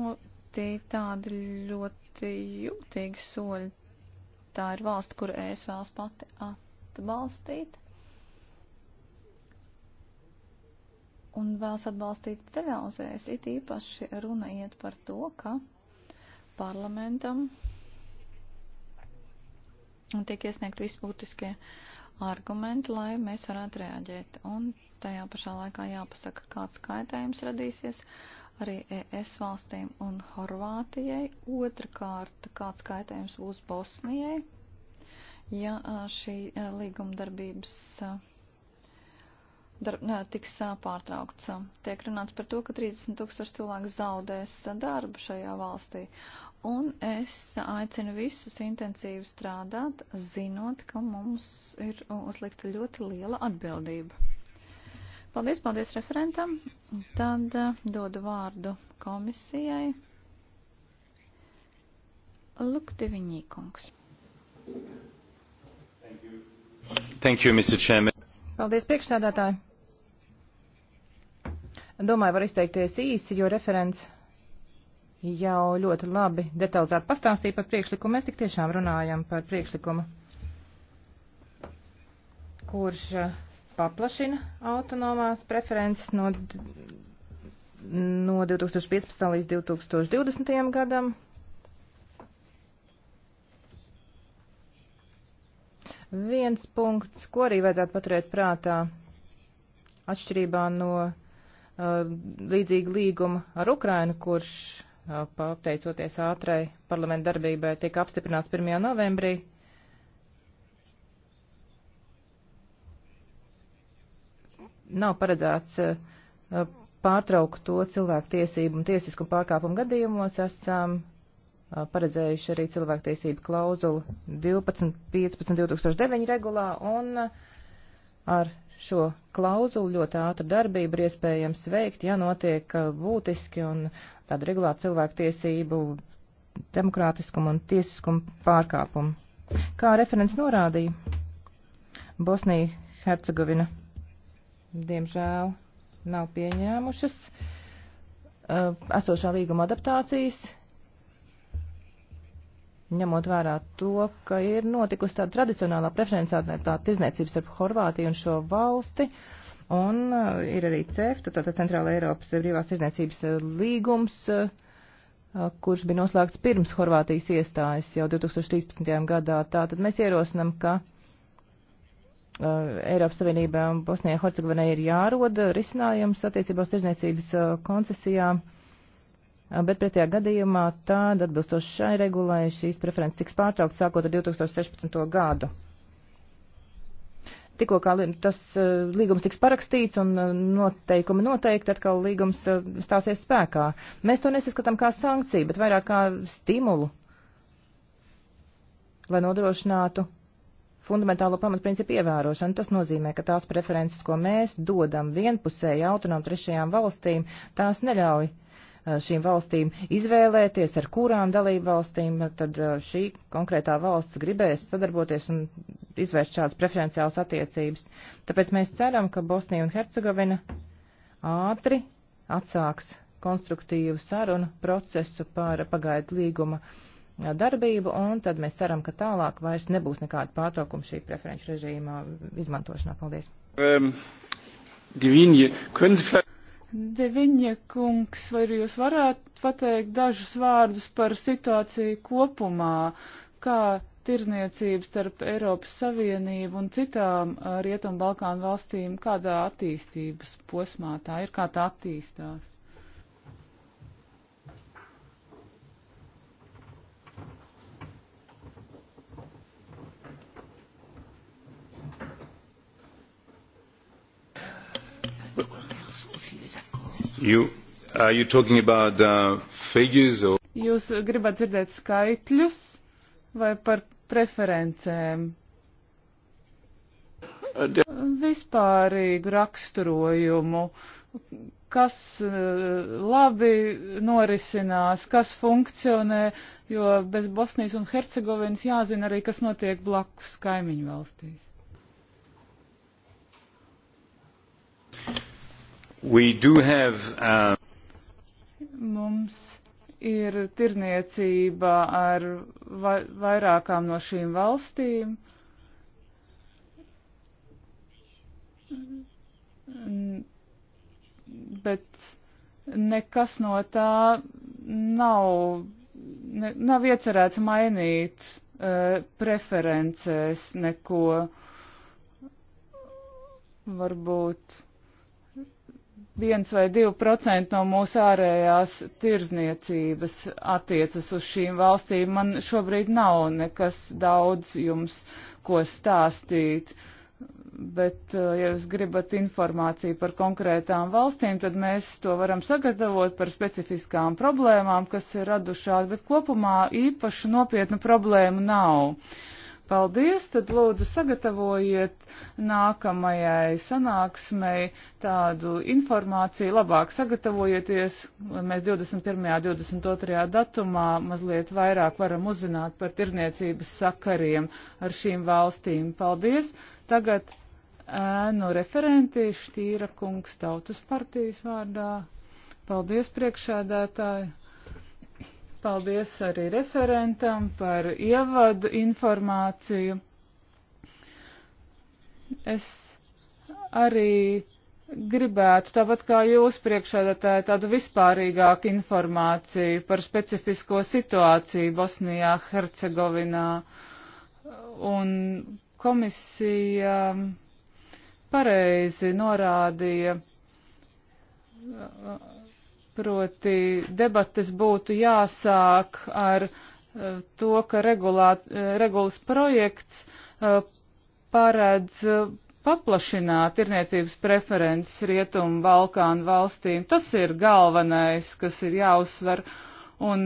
tie tādi ļoti jūtīgi soļi. Tā ir valsts, kuru es vēlas pati atbalstīt. un vēlas atbalstīt ceļauzējus. It īpaši runa iet par to, ka parlamentam tiek iesniegt visbūtiskie argumenti, lai mēs varētu reaģēt. Un tajā pašā laikā jāpasaka, kāds kaitējums radīsies arī ES valstīm un Horvātijai. Otrakārt, kāds kaitējums būs Bosnijai, ja šī līguma darbības. Uh, darb, ne, tiks pārtraukts. Tiek runāts par to, ka 30 tūkstoši cilvēku zaudēs darbu šajā valstī. Un es aicinu visus intensīvi strādāt, zinot, ka mums ir uzlikta ļoti liela atbildība. Paldies, paldies referentam. Tad dodu vārdu komisijai. Luk Deviņīkungs. Thank you. Thank you, Mr. Chairman. Paldies, priekšsēdētāji. Domāju, var izteikties īsi, jo referents jau ļoti labi detalizēti pastāstīja par priekšlikumu. Mēs tik tiešām runājam par priekšlikumu, kurš eh, paplašina autonomās preferences no, no 2015. līdz 2020. gadam. Viens punkts, ko arī vajadzētu paturēt prātā, atšķirībā no Uh, līdzīgu līgumu ar Ukrainu, kurš, uh, pateicoties ātrai parlamentu darbībai, tika apstiprināts 1. novembrī. Nav paredzēts uh, pārtraukt to cilvēku tiesību un tiesisku pārkāpumu gadījumos. Esam paredzējuši arī cilvēktiesību klauzulu 12.15.2009 regulā un ar šo klauzulu ļoti ātru darbību ir iespējams veikt, ja notiek uh, būtiski un tāda regulāra cilvēktiesību, demokrātiskumu un tiesiskumu pārkāpumu. Kā referents norādīja, Bosnija Hercegovina diemžēl nav pieņēmušas uh, esošā līguma adaptācijas ņemot vērā to, ka ir notikusi tāda tradicionālā preferenciālā tirzniecība starp Horvātiju un šo valsti, un uh, ir arī CEFTA, tātad Centrāla Eiropas brīvās tirzniecības uh, līgums, uh, uh, kurš bija noslēgts pirms Horvātijas iestājas jau 2013. gadā. Tātad mēs ierosinam, ka uh, Eiropas Savienībā Bosnijai Hercegovinai ir jāroda risinājums attiecībās tirzniecības uh, koncesijām. Uh, bet pretējā gadījumā tāda atbilstoši šai regulai šīs preferences tiks pārtraukt sākot ar 2016. gadu. Tikko kā tas līgums tiks parakstīts un noteikumi noteikti, atkal līgums stāsies spēkā. Mēs to nesaskatām kā sankciju, bet vairāk kā stimulu, lai nodrošinātu fundamentālo pamatprincipu ievērošanu. Tas nozīmē, ka tās preferences, ko mēs dodam vienpusēji autonom trešajām valstīm, tās neļauj uh, Eh, šīm valstīm izvēlēties, ar kurām dalību valstīm eh, tad eh, šī konkrētā valsts gribēs sadarboties un izvērst šādas preferenciālas attiecības. Tāpēc mēs ceram, ka Bosnija un Hercegovina ātri atsāks konstruktīvu sarunu procesu par pagaidu līguma darbību, un tad mēs ceram, ka tālāk vairs nebūs nekāda pārtraukuma šī preferenču režīma izmantošanā. Paldies! Um, Divīņi, Deviņa kungs, vai arī jūs varētu pateikt dažus vārdus par situāciju kopumā, kā tirzniecības starp Eiropas Savienību un citām uh, Rietumbalkānu valstīm, kādā attīstības posmā tā ir, kā tā attīstās? You, are you talking about uh, figures or? Jūs gribat dzirdēt skaitļus vai par preferencēm? Vispārīgu raksturojumu, kas uh, labi norisinās, kas funkcionē, jo bez Bosnijas un Hercegovinas jāzina arī, kas notiek blakus kaimiņu valstīs. have, uh... Mums ir tirniecība ar va vairākām no šīm valstīm. Bet nekas no tā nav, ne, nav iecerēts mainīt uh, preferencēs neko. Varbūt viens vai divi procenti no mūsu ārējās tirzniecības attiecas uz šīm valstīm. Man šobrīd nav nekas daudz jums, ko stāstīt, bet eh, ja jūs gribat informāciju par konkrētām valstīm, tad mēs to varam sagatavot par specifiskām problēmām, kas ir radušās, bet kopumā īpaši nopietnu problēmu nav. Uh, Paldies, tad lūdzu sagatavojiet nākamajai sanāksmei tādu informāciju, labāk sagatavojieties, lai mēs 21. un 22. datumā mazliet vairāk varam uzzināt par tirniecības sakariem ar šīm valstīm. Paldies! Tagad ēnu referenti Štīra kungs tautas partijas vārdā. Paldies, priekšēdētāji! Paldies arī referentam par ievadu informāciju. Es arī gribētu, tāpat kā jūs priekšādātāji, tādu vispārīgāku informāciju par specifisko situāciju Bosnijā, Hercegovinā. Un komisija pareizi norādīja Proti debates būtu jāsāk ar eh, to, ka regulāt, eh, regulas projekts eh, paredz paplašināt tirniecības preferences Rietumu Balkānu valstīm. Tas ir galvenais, kas ir jāuzsver. Un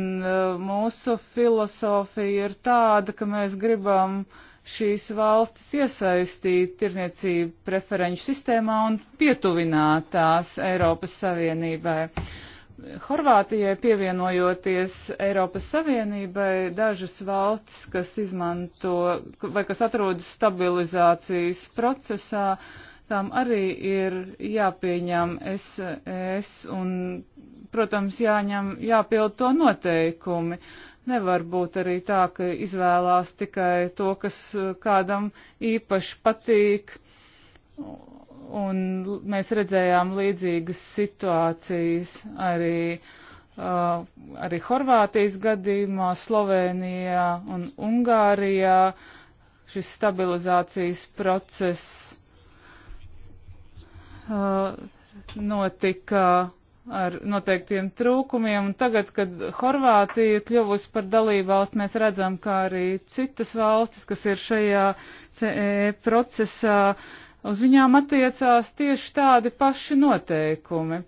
mūsu filosofija ir tāda, ka mēs gribam šīs valstis iesaistīt tirniecību preferenču sistēmā un pietuvināt tās Eiropas Savienībai. Uh, Horvātijai pievienojoties Eiropas Savienībai, dažas valsts, kas izmanto vai kas atrodas stabilizācijas procesā, tām arī ir jāpieņem SES e un, protams, jāņem, jāpild to noteikumi. Nevar būt arī tā, ka izvēlās tikai to, kas kādam īpaši patīk un mēs redzējām līdzīgas situācijas arī, uh, arī Horvātijas gadījumā, Slovenijā un Ungārijā. Šis stabilizācijas process uh, notika ar noteiktiem trūkumiem, un tagad, kad Horvātija ir kļuvusi par dalībvalsti, mēs redzam, kā arī citas valstis, kas ir šajā CE e, procesā, uh, uz viņām attiecās tieši tādi paši noteikumi.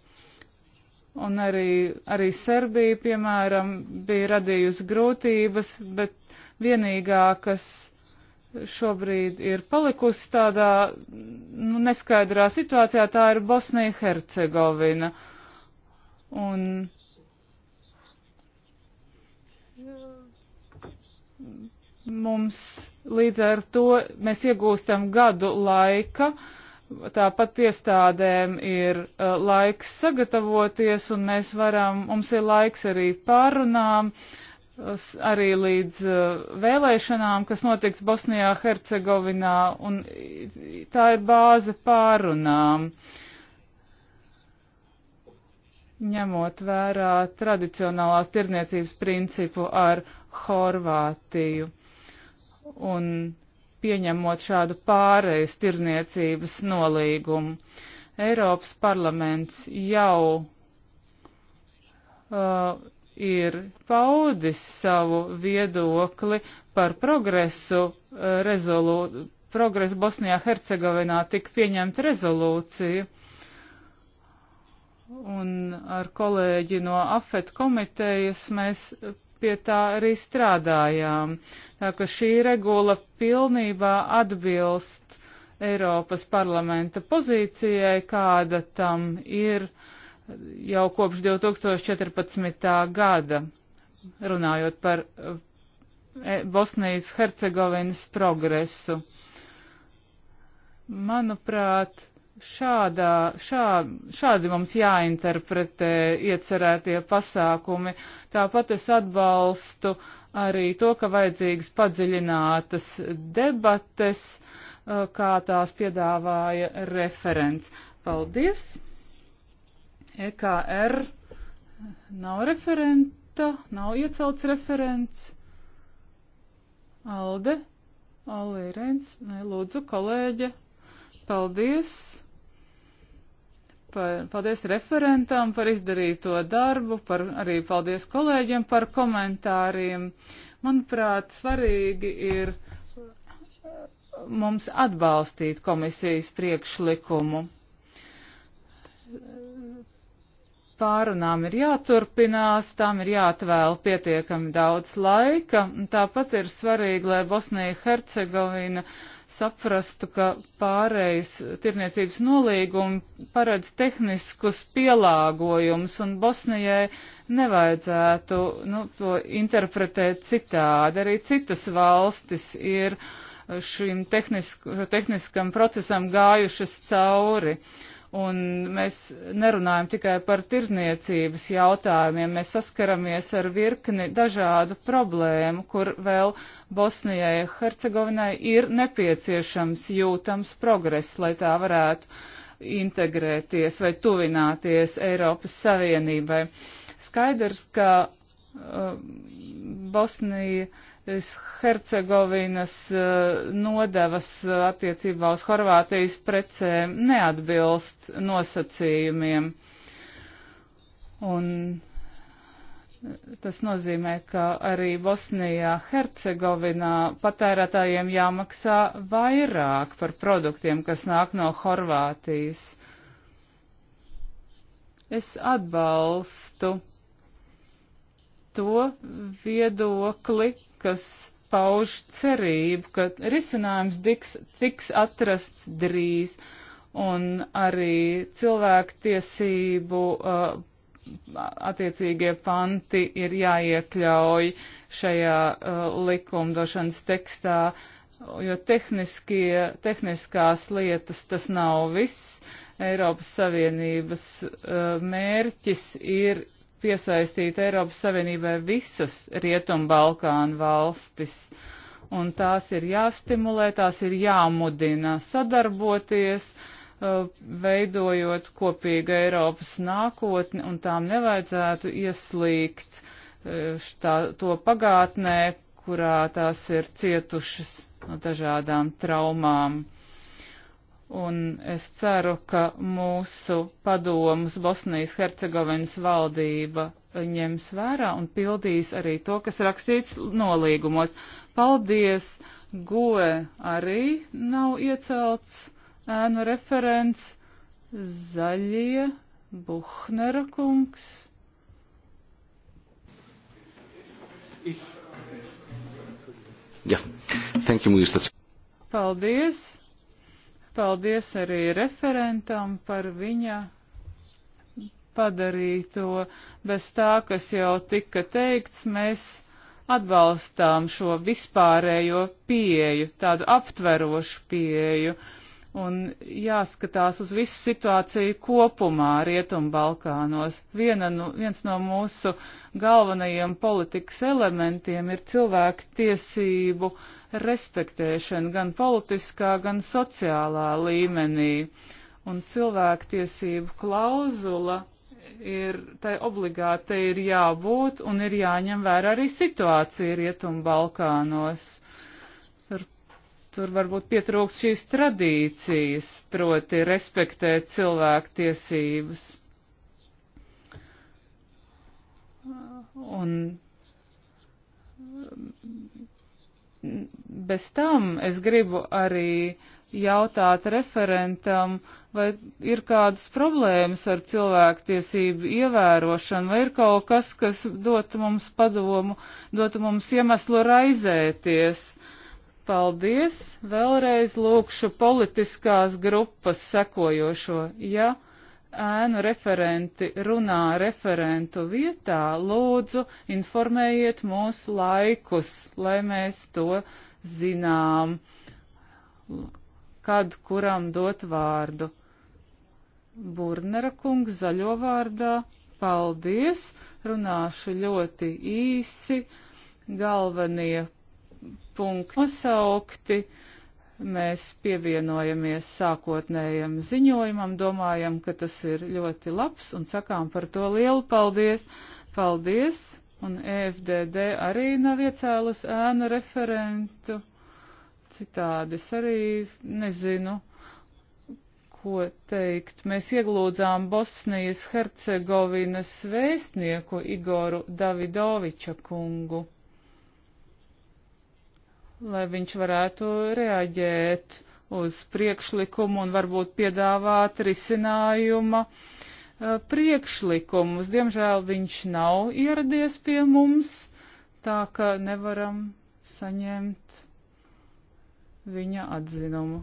Un arī, arī Serbija, piemēram, bija radījusi grūtības, bet vienīgā, kas šobrīd ir palikusi tādā nu, neskaidrā situācijā, tā ir Bosnija Hercegovina. Un mums līdz ar to mēs iegūstam gadu laika, tāpat iestādēm ir uh, laiks sagatavoties un mēs varam, mums ir laiks arī pārunām, arī līdz uh, vēlēšanām, kas notiks Bosnijā, Hercegovinā, un tā ir bāze pārunām. Ņemot vērā tradicionālās tirniecības principu ar Horvātiju un pieņemot šādu pārejas tirniecības nolīgumu. Eiropas parlaments jau uh, ir paudis savu viedokli par progresu uh, rezolūciju. Progresu Bosnijā Hercegovinā tika pieņemta rezolūcija, un ar kolēģi no AFET komitejas mēs pie tā arī strādājām. Tā ka šī regula pilnībā atbilst Eiropas parlamenta pozīcijai, kāda tam ir jau kopš 2014. gada, runājot par eh, Bosnijas Hercegovinas progresu. Manuprāt, šādā, šā, šādi mums jāinterpretē iecerētie pasākumi. Tāpat es atbalstu arī to, ka vajadzīgas padziļinātas debates, kā tās piedāvāja referents. Paldies! EKR nav referenta, nav iecelts referents. Alde, Alirens, lūdzu, kolēģe, paldies! par, paldies referentam par izdarīto darbu, par, arī paldies kolēģiem par komentāriem. Manuprāt, svarīgi ir uh, mums atbalstīt komisijas priekšlikumu. Pārunām ir jāturpinās, tām ir jāatvēl pietiekami daudz laika, un tāpat ir svarīgi, lai Bosnija Hercegovina uh, saprastu, ka pārējais tirniecības nolīgumi paredz tehniskus pielāgojumus, un Bosnijai nevajadzētu nu, to interpretēt citādi. Arī citas valstis ir šim tehnisk, tehniskam procesam gājušas cauri. Un mēs nerunājam tikai par tirzniecības jautājumiem, mēs saskaramies ar virkni dažādu problēmu, kur vēl Bosnijai Hercegovinai ir nepieciešams jūtams progress, lai tā varētu integrēties vai tuvināties Eiropas Savienībai. Skaidrs, ka Bosnijas Hercegovinas eh, nodevas eh, attiecībā uz Horvātijas precēm neatbilst nosacījumiem. Un eh, tas nozīmē, ka arī Bosnijā Hercegovinā patērētājiem jāmaksā vairāk par produktiem, kas nāk no Horvātijas. Es atbalstu to viedokli, kas pauž cerību, ka risinājums tiks, tiks atrasts drīz un arī cilvēktiesību uh, attiecīgie panti ir jāiekļauj šajā uh, likumdošanas tekstā, jo tehniskās lietas tas nav viss. Eiropas Savienības uh, mērķis ir piesaistīt Eiropas Savienībai visas Rietumbalkānu valstis. Un tās ir jāstimulē, tās ir jāmudina sadarboties, uh, veidojot kopīgu Eiropas nākotni, un tām nevajadzētu ieslīgt uh, štā, to pagātnē, kurā tās ir cietušas no dažādām traumām un es ceru, ka mūsu padomus Bosnijas Hercegovinas valdība ņems vērā un pildīs arī to, kas rakstīts nolīgumos. Paldies! Goe arī nav iecelts ēnu referents. Zaļie Buhnera kungs. Jā, yeah. thank you, Mr. Paldies! Paldies arī referentam par viņa padarīto. Bez tā, kas jau tika teikts, mēs atbalstām šo vispārējo pieju, tādu aptverošu pieju. Uh, un jāskatās uz visu situāciju kopumā Rietumbalkānos. Viena, nu, viens no mūsu galvenajiem politikas elementiem ir cilvēku tiesību respektēšana gan politiskā, gan sociālā līmenī. Un cilvēku tiesību klauzula ir, tai obligāti ir jābūt un ir jāņem vērā arī situācija Rietumbalkānos. Balkānos tur varbūt pietrūkst šīs tradīcijas, proti respektēt cilvēku tiesības. Un bez tam es gribu arī jautāt referentam, vai ir kādas problēmas ar cilvēktiesību ievērošanu, vai ir kaut kas, kas dotu mums padomu, dotu mums iemeslu raizēties. Uh, Paldies! Vēlreiz lūkšu politiskās grupas sekojošo. Ja ēnu referenti runā referentu vietā, lūdzu informējiet mūs laikus, lai mēs to zinām, kad kuram dot vārdu. Burnera kungs zaļo vārdā. Paldies! Runāšu ļoti īsi. Galvenie punkti nosaukti. Mēs pievienojamies sākotnējam ziņojumam, domājam, ka tas ir ļoti labs un sakām par to lielu paldies. Paldies! Un EFDD arī nav iecēlus ēnu referentu. Citādi es arī nezinu ko teikt. Mēs ieglūdzām Bosnijas Hercegovinas vēstnieku Igoru Davidoviča kungu lai viņš varētu reaģēt uz priekšlikumu un varbūt piedāvāt risinājuma eh, priekšlikumus. Diemžēl viņš nav ieradies pie mums, tā ka nevaram saņemt viņa atzinumu.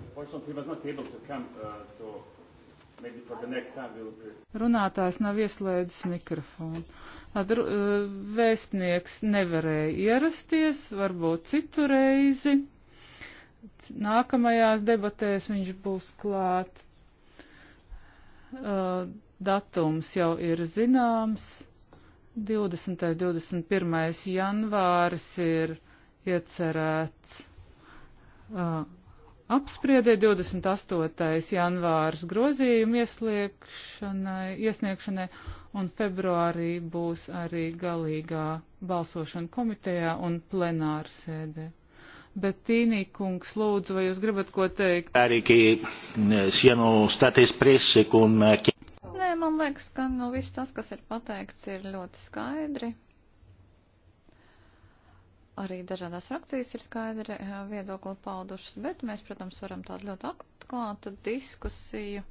Unfortunately, he was not able to come, uh, so Runātājs nav ieslēdzis mikrofonu. Tad uh, vēstnieks nevarēja ierasties, varbūt citu reizi. Nākamajās debatēs viņš būs klāt. Uh, datums jau ir zināms. 20. un 21. janvāris ir iecerēts. Uh, apspriedē 28. janvārs grozījumu iesniegšanai, un februārī būs arī galīgā balsošana komitejā un plenāra sēdē. Bet Tīnī kungs, lūdzu, vai jūs gribat ko teikt? Arī, ka sienu staties presi, un... Nē, man liekas, ka nu, viss tas, kas ir pateikts, ir ļoti skaidri arī dažādās frakcijas ir skaidri viedokli paudušas, bet mēs, protams, varam tādu ļoti atklātu diskusiju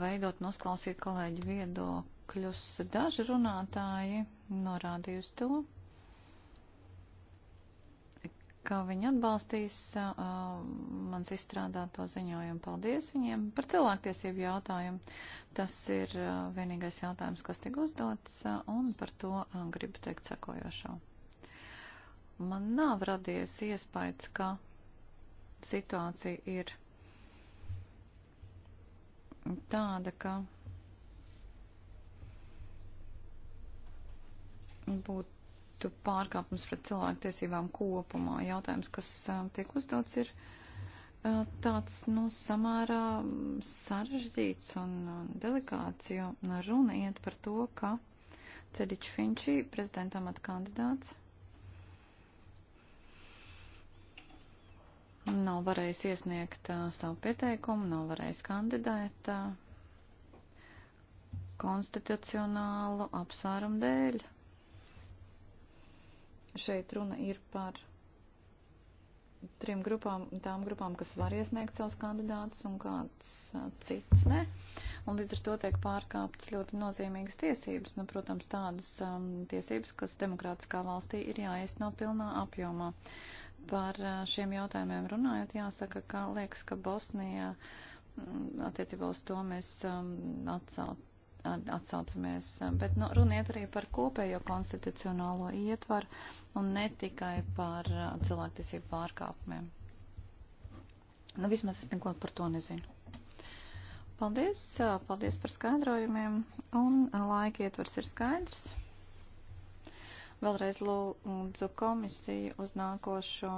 veidot, nosklausīt kolēģi viedokļus. Daži runātāji norādījusi to, ka viņi atbalstīs uh, mans izstrādāto ziņojumu. Paldies viņiem par cilvēktiesību jautājumu. Tas ir uh, vienīgais jautājums, kas tika uzdots, uh, un par to uh, gribu teikt sakojošo man nav radies iespējas, ka situācija ir tāda, ka būtu pārkāpums pret cilvēktiesībām kopumā. Jautājums, kas um, tiek uzdots, ir uh, tāds, nu, samērā sarežģīts un delikāts, jo runa iet par to, ka Cedičs Finčī, prezidenta amata kandidāts, nav varējis iesniegt uh, savu pieteikumu, nav varējis kandidēt uh, konstitucionālu apsvērumu dēļ. Šeit runa ir par trim grupām, tām grupām, kas var iesniegt savus kandidātus un kāds uh, cits ne. Un līdz ar to tiek pārkāptas ļoti nozīmīgas tiesības, nu, protams, tādas um, tiesības, kas demokrātiskā valstī ir jāiesno pilnā apjomā. Uh, Par šiem jautājumiem runājot, jāsaka, ka liekas, ka Bosnijā mm, attiecībā uz to mēs atsauc, atsaucamies, bet nu, runiet arī par kopējo konstitucionālo ietvaru un ne tikai par cilvēktiesību pārkāpumiem. Nu, vismaz es neko par to nezinu. Paldies, paldies par skaidrojumiem, un laika ietvers ir skaidrs. Vēlreiz lūdzu komisiju uz nākošo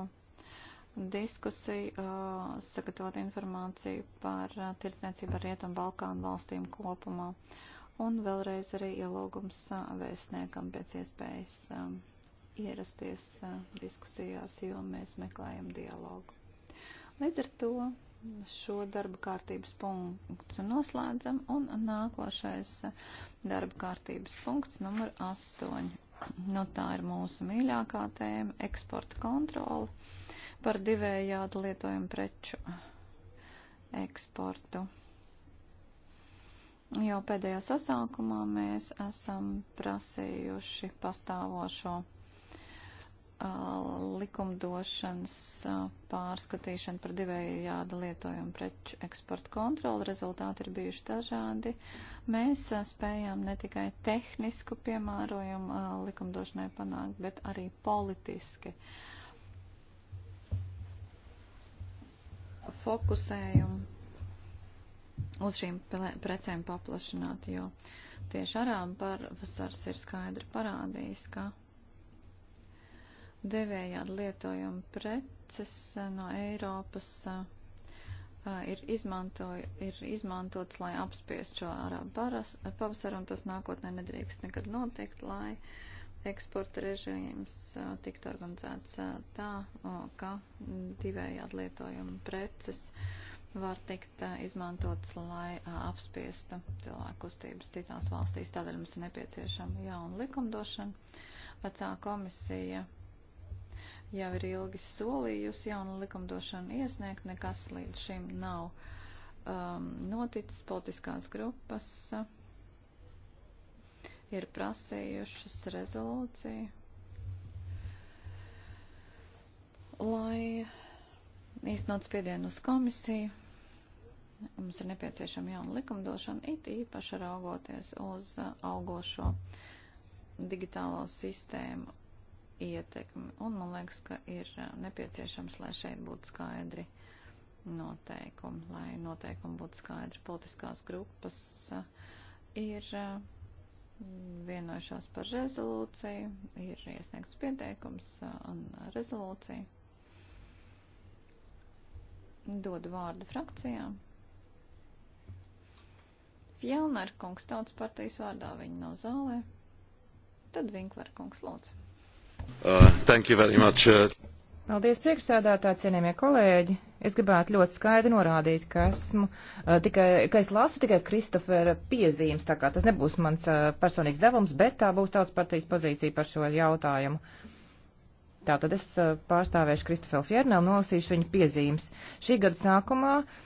diskusiju uh, sagatavot informāciju par uh, tirdzniecību ar Rietumu Balkānu valstīm kopumā. Un vēlreiz arī ielūgums uh, vēstniekam pēc iespējas um, ierasties uh, diskusijās, jo mēs meklējam dialogu. Līdz ar to šo darba kārtības punktu noslēdzam un nākošais darba kārtības punkts numur 8. Nu, tā ir mūsu mīļākā tēma - eksporta kontrola par divējādu lietojumu preču eksportu. Jau pēdējā sasākumā mēs esam prasījuši pastāvošo likumdošanas pārskatīšana par divējādu lietojumu preču eksporta kontroli. Rezultāti ir bijuši dažādi. Mēs spējām ne tikai tehnisku piemērojumu likumdošanai panākt, bet arī politiski. Fokusējumu uz šīm precēm paplašināt, jo tieši arām par vasars ir skaidri parādījis, ka devējādi lietojumi preces eh, no Eiropas eh, eh, ir, izmantoja, ir izmantots, lai apspiest šo arābu pavasaru, un tas nākotnē nedrīkst nekad notikt, lai eksporta režīms tiktu organizēts tā, ka divējādi lietojumi preces var tikt izmantots, lai apspiestu cilvēku kustības citās valstīs. Tādēļ mums ir nepieciešama jauna likumdošana. Vecā komisija jau ir ilgi solījusi jaunu likumdošanu iesniegt, nekas līdz šim nav um, noticis. Politiskās grupas uh, ir prasējušas rezolūciju, lai īstenot spiedienu uz komisiju. Mums ir nepieciešama jauna likumdošana, it īpaši raugoties uz uh, augošo digitālo sistēmu ietekmi. Un man liekas, ka ir uh, nepieciešams, lai šeit būtu skaidri noteikumi, lai noteikumi būtu skaidri. Politiskās grupas uh, ir uh, vienojušās par rezolūciju, ir iesniegts pieteikums un rezolūcija. Dodu vārdu frakcijām. Fjellner kungs tautas partijas vārdā viņa nav zālē. Tad Vinkler kungs lūdzu. Uh, thank you very much. Uh, Paldies, priekšsēdētāji, cienījamie kolēģi. Es gribētu ļoti skaidri norādīt, ka esmu uh, tikai, ka es lasu tikai Kristofera piezīmes, tā kā tas nebūs mans uh, personīgs devums, bet tā būs tautas partijas pozīcija par šo jautājumu. Tātad es uh, pārstāvēšu Kristofelu Fjernelu, nolasīšu viņa piezīmes. Šī gada sākumā uh,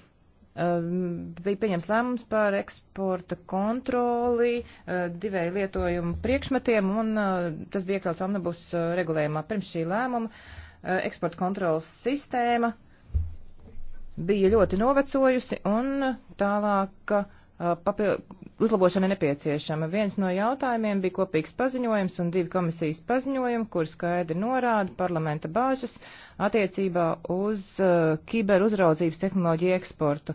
Ehm, bija pieņems lēmums par eksporta kontroli ehm, divēju lietojumu priekšmetiem, un ehm, tas bija iekļauts omnibus regulējumā. Pirms šī lēmuma eksporta kontrolas sistēma bija ļoti novecojusi, un tālāk papildu uzlabošana ir nepieciešama. Viens no jautājumiem bija kopīgs paziņojums un divi komisijas paziņojumi, kur skaidri norāda parlamenta bāžas attiecībā uz uh, kiberuzraudzības tehnoloģiju eksportu.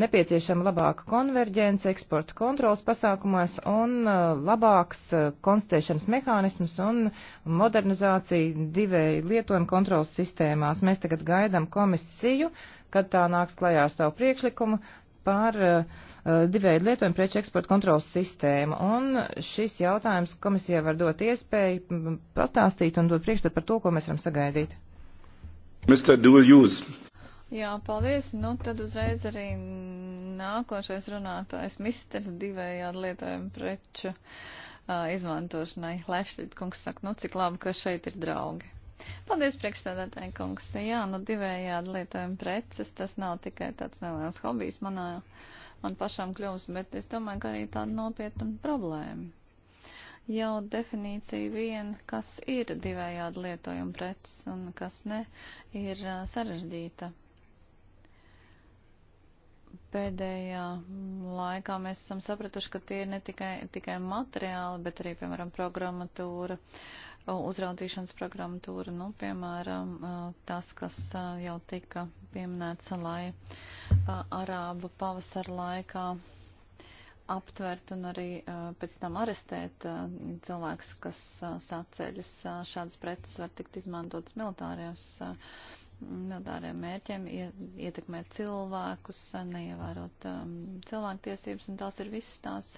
Nepieciešama labāka konverģence eksporta kontrolas pasākumos un uh, labāks uh, konstatēšanas mehānisms un modernizācija divēju lietojumu kontrolas sistēmās. Mēs tagad gaidām komisiju, kad tā nāks klajā ar savu priekšlikumu, par uh, divveidu lietojumu preču eksporta kontrolas sistēmu. Un šis jautājums komisijai var dot iespēju pastāstīt un dot priekšstatu par to, ko mēs varam sagaidīt. Mr. Dual Use. Jā, paldies. Nu, tad uzreiz arī nākošais runātājs, Misters divējādi lietojumu preču uh, izmantošanai. Lešķīt kungs saka, nu, cik labi, ka šeit ir draugi. Paldies, priekšstādātāji kungs. Jā, nu divējādi lietojam preces, tas nav tikai tāds neliels hobijs manā, man pašām kļūst, bet es domāju, ka arī tāda nopietna problēma. Jau definīcija vien, kas ir divējādi lietojuma preces un kas ne, ir sarežģīta pēdējā laikā mēs esam sapratuši, ka tie ir ne tikai, tikai materiāli, bet arī, piemēram, programmatūra, uzraudzīšanas programmatūra, nu, piemēram, tas, kas jau tika pieminēts, lai arābu pavasara laikā aptvert un arī pēc tam arestēt cilvēks, kas saceļas. Šādas preces var tikt izmantotas militārajos militāriem mērķiem, ietekmēt cilvēkus, neievērot um, cilvēktiesības, un tās ir visas tās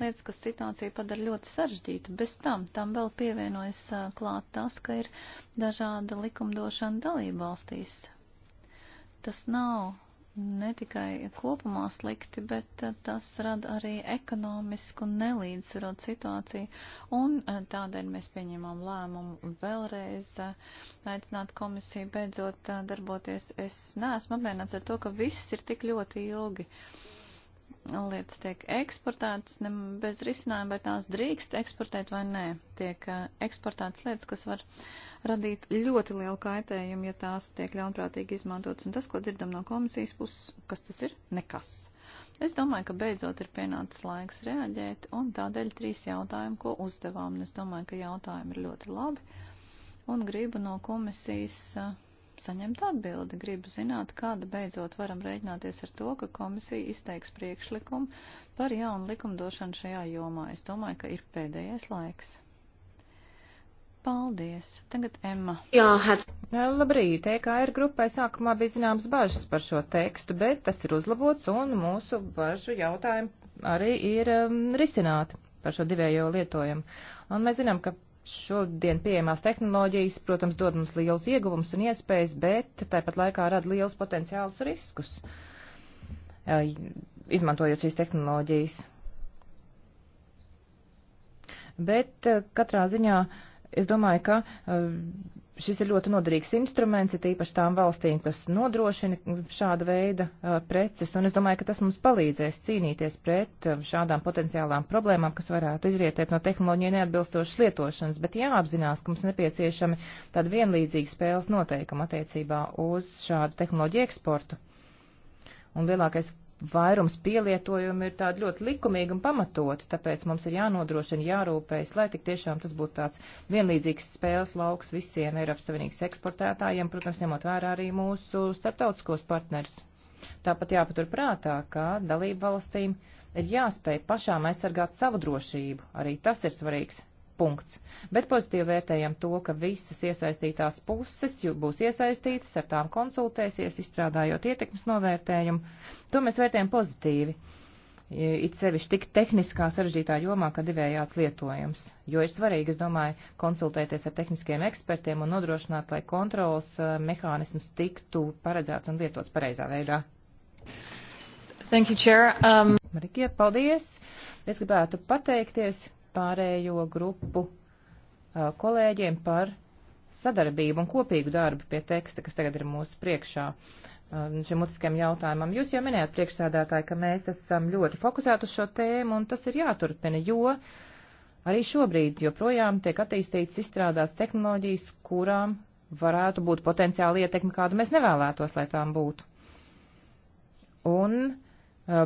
lietas, kas situāciju padara ļoti sarežģītu. Bez tam tam vēl pievienojas uh, klāt tas, ka ir dažāda likumdošana dalība valstīs. Tas nav ne tikai kopumā slikti, bet eh, tas rada arī ekonomisku nelīdzsvarot situāciju, un eh, tādēļ mēs pieņemam lēmumu vēlreiz eh, aicināt komisiju beidzot darboties. Es neesmu apmierināts ar to, ka viss ir tik ļoti ilgi. Uh, lietas tiek eksportētas ne, bez risinājuma, vai tās drīkst eksportēt vai nē. Tiek uh, eksportētas lietas, kas var radīt ļoti lielu kaitējumu, ja tās tiek ļaunprātīgi izmantotas. Un tas, ko dzirdam no komisijas puses, kas tas ir? Nekas. Es domāju, ka beidzot ir pienācis laiks reaģēt, un tādēļ trīs jautājumi, ko uzdevām, un es domāju, ka jautājumi ir ļoti labi, un gribu no komisijas uh, saņemt atbildi. Gribu zināt, kāda beidzot varam rēķināties ar to, ka komisija izteiks priekšlikumu par jaunu likumdošanu šajā jomā. Es domāju, ka ir pēdējais laiks. Paldies. Tagad Emma. Jā, hats. Labrīt, EKR grupai sākumā bija zināms bažas par šo tekstu, bet tas ir uzlabots un mūsu bažu jautājumi arī ir um, risināti par šo divējo lietojumu. Un mēs zinām, ka Šodien pieejamās tehnoloģijas, protams, dod mums liels ieguvums un iespējas, bet tāpat laikā rada liels potenciāls riskus, izmantojot šīs tehnoloģijas. Bet katrā ziņā es domāju, ka Šis ir ļoti noderīgs instruments, ir īpaši tām valstīm, kas nodrošina šāda veida uh, preces, un es domāju, ka tas mums palīdzēs cīnīties pret uh, šādām potenciālām problēmām, kas varētu izrietēt no tehnoloģiju neatbilstošas lietošanas, bet jāapzinās, ka mums nepieciešami tāda vienlīdzīga spēles noteikuma attiecībā uz šādu tehnoloģiju eksportu. Un lielākais vairums pielietojumu ir tādi ļoti likumīgi un pamatoti, tāpēc mums ir jānodrošina, jārūpējas, lai tik tiešām tas būtu tāds vienlīdzīgs spēles lauks visiem Eiropas Savienības eksportētājiem, protams, ņemot vērā arī mūsu starptautiskos partners. Tāpat jāpatur prātā, ka dalību valstīm ir jāspēj pašām aizsargāt savu drošību, arī tas ir svarīgs punkts. Bet pozitīvi vērtējam to, ka visas iesaistītās puses būs iesaistītas, ar tām konsultēsies, izstrādājot ietekmes novērtējumu. To mēs vērtējam pozitīvi. It sevišķi tik tehniskā sarežģītā jomā, kā divējāds lietojums, jo ir svarīgi, es domāju, konsultēties ar tehniskiem ekspertiem un nodrošināt, lai kontrols mehānisms tiktu paredzēts un lietots pareizā veidā. Thank you, Chair. Um... Marikie, paldies! Es gribētu pateikties pārējo grupu kolēģiem par sadarbību un kopīgu darbu pie teksta, kas tagad ir mūsu priekšā šim mutiskajam jautājumam. Jūs jau minējāt priekšsēdētāji, ka mēs esam ļoti fokusēti uz šo tēmu, un tas ir jāturpina, jo arī šobrīd joprojām tiek attīstīts izstrādāts tehnoloģijas, kurām varētu būt potenciāli ietekmi, kādu mēs nevēlētos, lai tām būtu. Un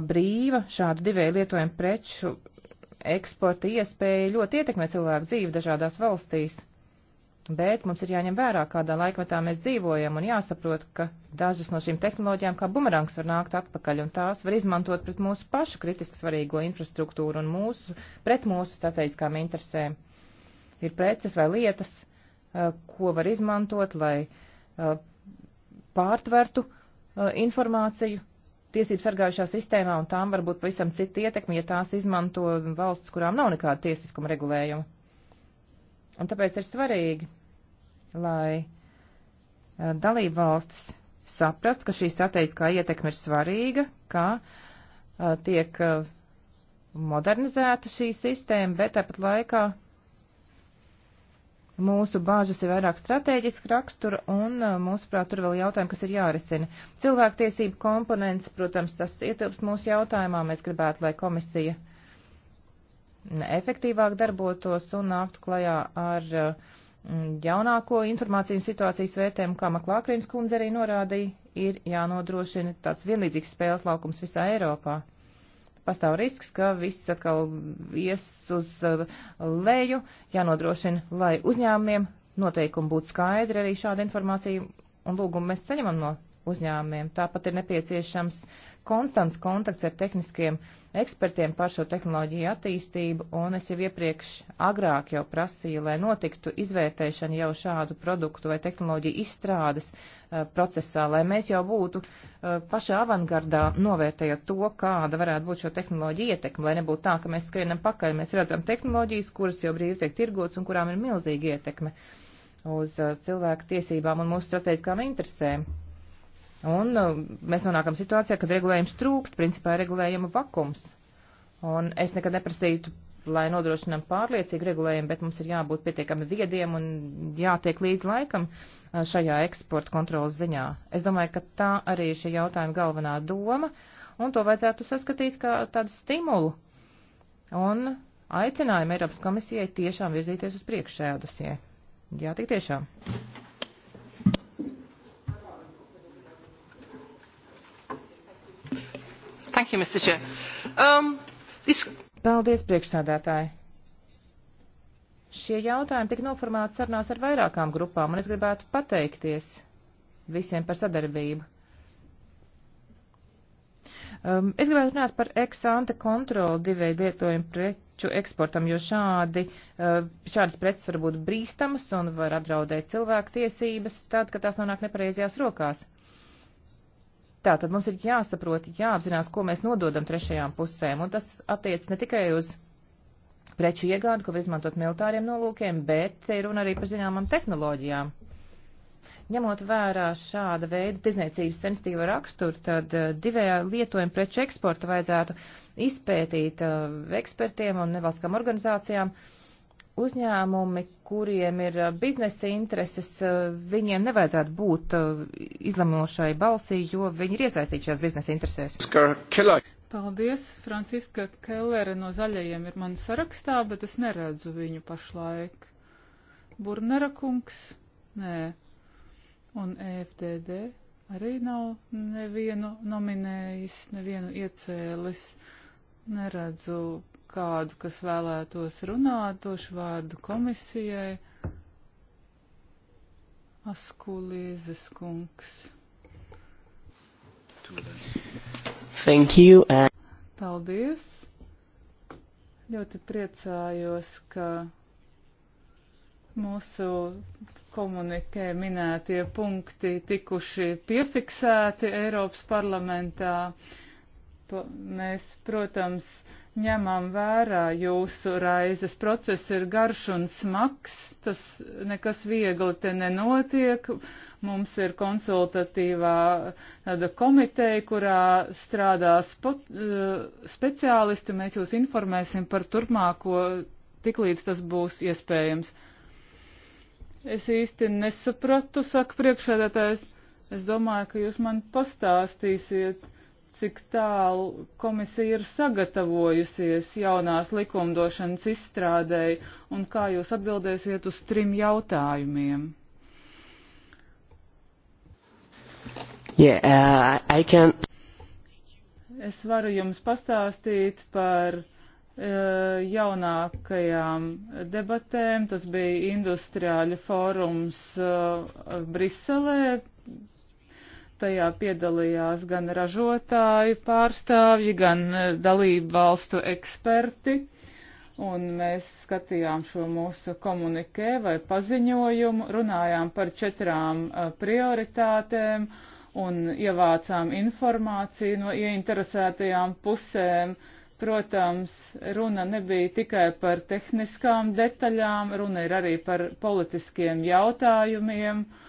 brīva šādu divēju lietojumu preču eksporta iespēja ļoti ietekmē cilvēku dzīvi dažādās valstīs. Bet mums ir jāņem vērā, kādā laikmetā mēs dzīvojam, un jāsaprot, ka dažas no šīm tehnoloģijām kā bumerangs var nākt atpakaļ, un tās var izmantot pret mūsu pašu kritiski svarīgo infrastruktūru un mūsu, pret mūsu strateģiskām interesēm. Ir preces vai lietas, eh, ko var izmantot, lai eh, pārtvertu eh, informāciju tiesību sargājušā sistēmā, un tām var būt pavisam cita ietekme, ja tās izmanto valsts, kurām nav nekāda tiesiskuma regulējuma. Un tāpēc ir svarīgi, lai eh, dalību valstis saprast, ka šī strateģiskā ietekme ir svarīga, ka eh, tiek eh, modernizēta šī sistēma, bet tāpat laikā Mūsu bāžas ir vairāk strateģiska rakstura, un mūsuprāt, tur vēl jautājumi, kas ir jārisina. Cilvēktiesību komponents, protams, tas ietilpst mūsu jautājumā. Mēs gribētu, lai komisija efektīvāk darbotos un nāktu klajā ar jaunāko informāciju un situācijas vērtējumu, kā Maklākrīns kundze arī norādīja, ir jānodrošina tāds vienlīdzīgs spēles laukums visā Eiropā pastāv risks, ka viss atkal ies uz uh, leju, jānodrošina, lai uzņēmumiem noteikumi būtu skaidri arī šāda informācija un lūgumu mēs saņemam no uzņēmumiem. Tāpat ir nepieciešams konstants kontakts ar tehniskiem ekspertiem par šo tehnoloģiju attīstību, un es jau iepriekš agrāk jau prasīju, lai notiktu izvērtēšana jau šādu produktu vai tehnoloģiju izstrādes uh, procesā, lai mēs jau būtu uh, pašā avangardā novērtējot to, kāda varētu būt šo tehnoloģiju ietekme, lai nebūtu tā, ka mēs skrienam pakaļ, mēs redzam tehnoloģijas, kuras jau brīvi tiek tirgots un kurām ir milzīga ietekme uz eh, cilvēku tiesībām un mūsu strateģiskām interesēm. Un uh, mēs nonākam situācijā, kad regulējums trūkst, principā regulējuma vakums. Un es nekad neprasītu, lai nodrošinām pārliecīgu regulējumu, bet mums ir jābūt pietiekami viediem un jātiek līdz laikam uh, šajā eksporta kontrolas ziņā. Es domāju, ka tā arī ir šī jautājuma galvenā doma, un to vajadzētu saskatīt kā tādu stimulu. Un aicinājumu Eiropas komisijai tiešām virzīties uz priekšu šajā dosijā. Jā, tik tiešām. Thank you, Mr. Chair. Um, this... Paldies, priekšsādātāji. Šie jautājumi tika noformāti sarunās ar vairākām grupām, un es gribētu pateikties visiem par sadarbību. Um, es gribētu runāt par eksante kontroli divveidu lietojumu preču eksportam, jo šādi, uh, šādas preces var būt brīstamas un var apdraudēt cilvēku tiesības tad, kad tās nonāk nepareizajās rokās. Tātad mums ir jāsaprot, jāapzinās, ko mēs nododam trešajām pusēm, un tas attiec ne tikai uz preču iegādi, ko var izmantot militāriem nolūkiem, bet ir runa arī par zināmām tehnoloģijām. Ņemot vērā šāda veida tirzniecības sensitīva raksturu, tad eh, divējā lietojuma preču eksporta vajadzētu izpētīt uh, ekspertiem un nevalstiskām organizācijām. Uh, uzņēmumi, kuriem ir uh, biznesa intereses, uh, viņiem nevajadzētu būt uh, izlemošai balsī, jo viņi ir iesaistīti šajās biznesa interesēs. Paldies, Franciska Kellere no zaļajiem ir man sarakstā, bet es neredzu viņu pašlaik. Burnera kungs? Nē. Un EFDD arī nav nevienu nominējis, nevienu iecēlis. Neredzu kādu, kas vēlētos runāt, došu vārdu komisijai. Askulīzes kungs. Thank you. And... Uh, Paldies. Ļoti priecājos, ka mūsu komunikē minētie punkti tikuši piefiksēti Eiropas parlamentā. Uh, mēs, protams, ņemam vērā jūsu raizes. Process ir garš un smags, tas nekas viegli te nenotiek. Mums ir konsultatīvā tāda komiteja, kurā strādās pot, eh, speciālisti. Mēs jūs informēsim par turpmāko, tiklīdz tas būs iespējams. Es īsti nesapratu, saka priekšēdētājs. Es domāju, ka jūs man pastāstīsiet cik tālu komisija ir sagatavojusies jaunās likumdošanas izstrādēji un kā jūs atbildēsiet uz trim jautājumiem? Yeah, uh, I can... Es varu jums pastāstīt par uh, jaunākajām debatēm. Tas bija industriāļa fórums uh, Briselē Tajā piedalījās gan ražotāju pārstāvji, gan e, dalību valstu eksperti. Un mēs skatījām šo mūsu komunikē vai paziņojumu, runājām par četrām e, prioritātēm un ievācām informāciju no ieinteresētajām pusēm. Protams, runa nebija tikai par tehniskām detaļām, runa ir arī par politiskiem jautājumiem. Uh,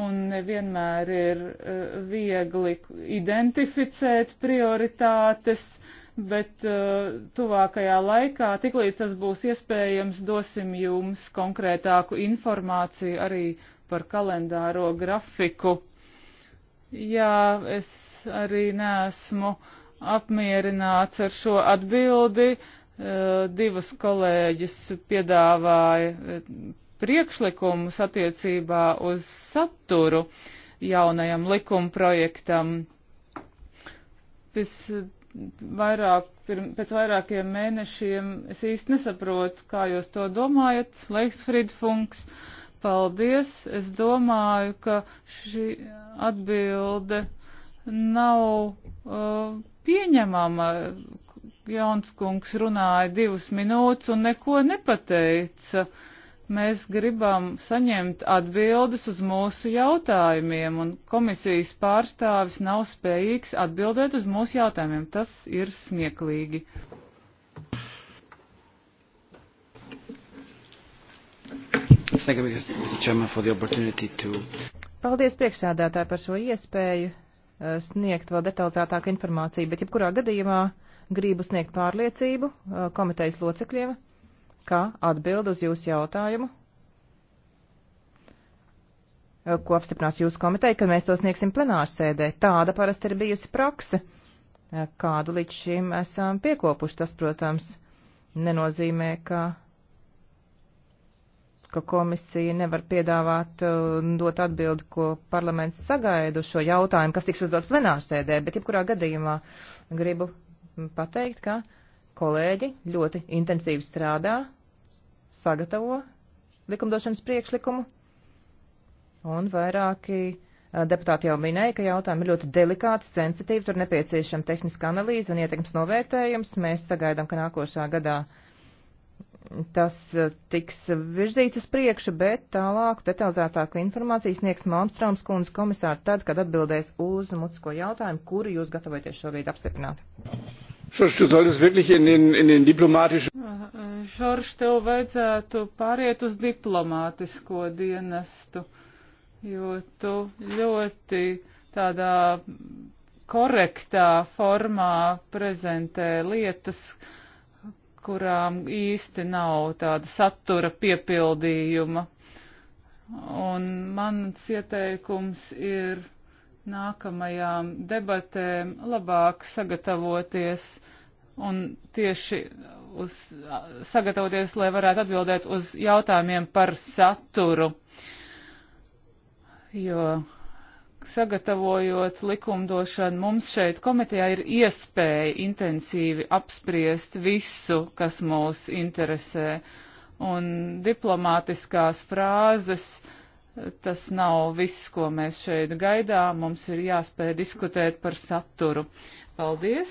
un nevienmēr ir uh, viegli identificēt prioritātes, bet uh, tuvākajā laikā, tiklīdz tas būs iespējams, dosim jums konkrētāku informāciju arī par kalendāro grafiku. Jā, es arī neesmu apmierināts ar šo atbildi. Uh, divas kolēģis piedāvāja priekšlikumus attiecībā uz saturu jaunajam likumprojektam. Pēc, vairāk, pēc vairākiem mēnešiem es īsti nesaprotu, kā jūs to domājat, Leiksfrīd Funks. Paldies! Es domāju, ka šī atbilde nav uh, pieņemama. Jauns kungs runāja divas minūtes un neko nepateica. Uh, Mēs gribam saņemt atbildes uz mūsu jautājumiem, un komisijas pārstāvis nav spējīgs atbildēt uz mūsu jautājumiem. Tas ir smieklīgi. Paldies priekšsēdētāji par šo iespēju eh, sniegt vēl detalizētāku informāciju, bet jebkurā gadījumā gribu sniegt pārliecību eh, komitejas locekļiem, ka atbild uz jūsu jautājumu, eh, ko apstiprinās jūsu komiteja, kad mēs to sniegsim plenārsēdē. Tāda parasti ir bijusi prakse, eh, kādu līdz šim esam piekopuši. Tas, protams, nenozīmē, ka ka komisija nevar piedāvāt uh, dot atbildi, ko parlaments sagaida uz šo jautājumu, kas tiks uzdots plenārsēdē, bet jebkurā gadījumā gribu pateikt, ka uh, kolēģi ļoti intensīvi strādā, sagatavo likumdošanas priekšlikumu, un vairāki deputāti jau minēja, ka jautājumi ir ļoti delikāti, sensitīvi, tur nepieciešama tehniska analīze un ietekmes novērtējums. Mēs sagaidām, ka nākošā gadā tas tiks virzīts uz priekšu, bet tālāk detalizētāku informāciju sniegs Malmstrāms kundze komisāri tad, kad atbildēs uz mutisko jautājumu, kuru jūs gatavojaties šobrīd apstiprināt. Žorž, tu solltest wirklich in den, in den diplomatischen. Žorž, tev vajadzētu pāriet uz diplomātisko dienestu, jo tu ļoti tādā korektā formā prezentē lietas, kurām īsti nav tāda satura piepildījuma. Un mans ieteikums ir nākamajām debatēm labāk sagatavoties un tieši uz, sagatavoties, lai varētu atbildēt uz jautājumiem par saturu. Jo sagatavojot likumdošanu, mums šeit komitejā ir iespēja intensīvi apspriest visu, kas mūs interesē. Un diplomātiskās frāzes uh, Tas nav viss, ko mēs šeit gaidām. Mums ir jāspēj diskutēt par saturu. Paldies!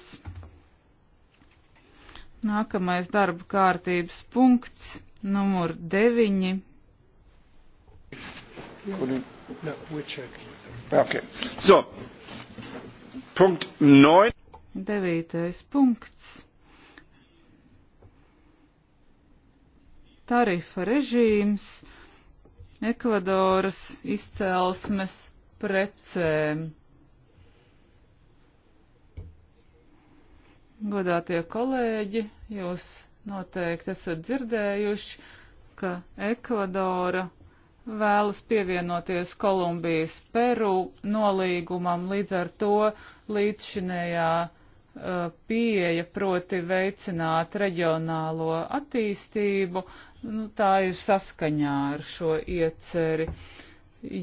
Nākamais darba kārtības punkts, numur 9. Okay. So, punkt 9. Devītais punkts. Tarifa režīms Ekvadoras izcelsmes precēm. Godātie kolēģi, jūs noteikti esat dzirdējuši, ka Ekvadora vēlas pievienoties Kolumbijas Peru nolīgumam, līdz ar to līdzšinējā pieeja, proti veicināt reģionālo attīstību, nu, tā ir saskaņā ar šo ieceri.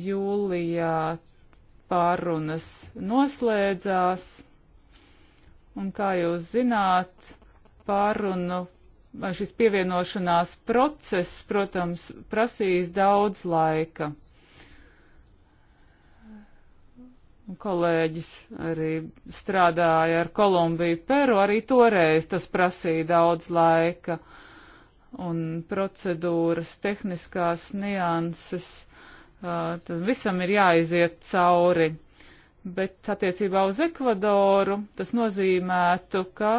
Jūlijā pārunas noslēdzās, un kā jūs zināt, pārunu vai šis pievienošanās process, protams, prasīs daudz laika. kolēģis arī strādāja ar Kolumbiju, Peru, arī toreiz tas prasīja daudz laika un procedūras, tehniskās nianses, uh, tad visam ir jāiziet cauri. Bet attiecībā uz Ekvadoru tas nozīmētu, ka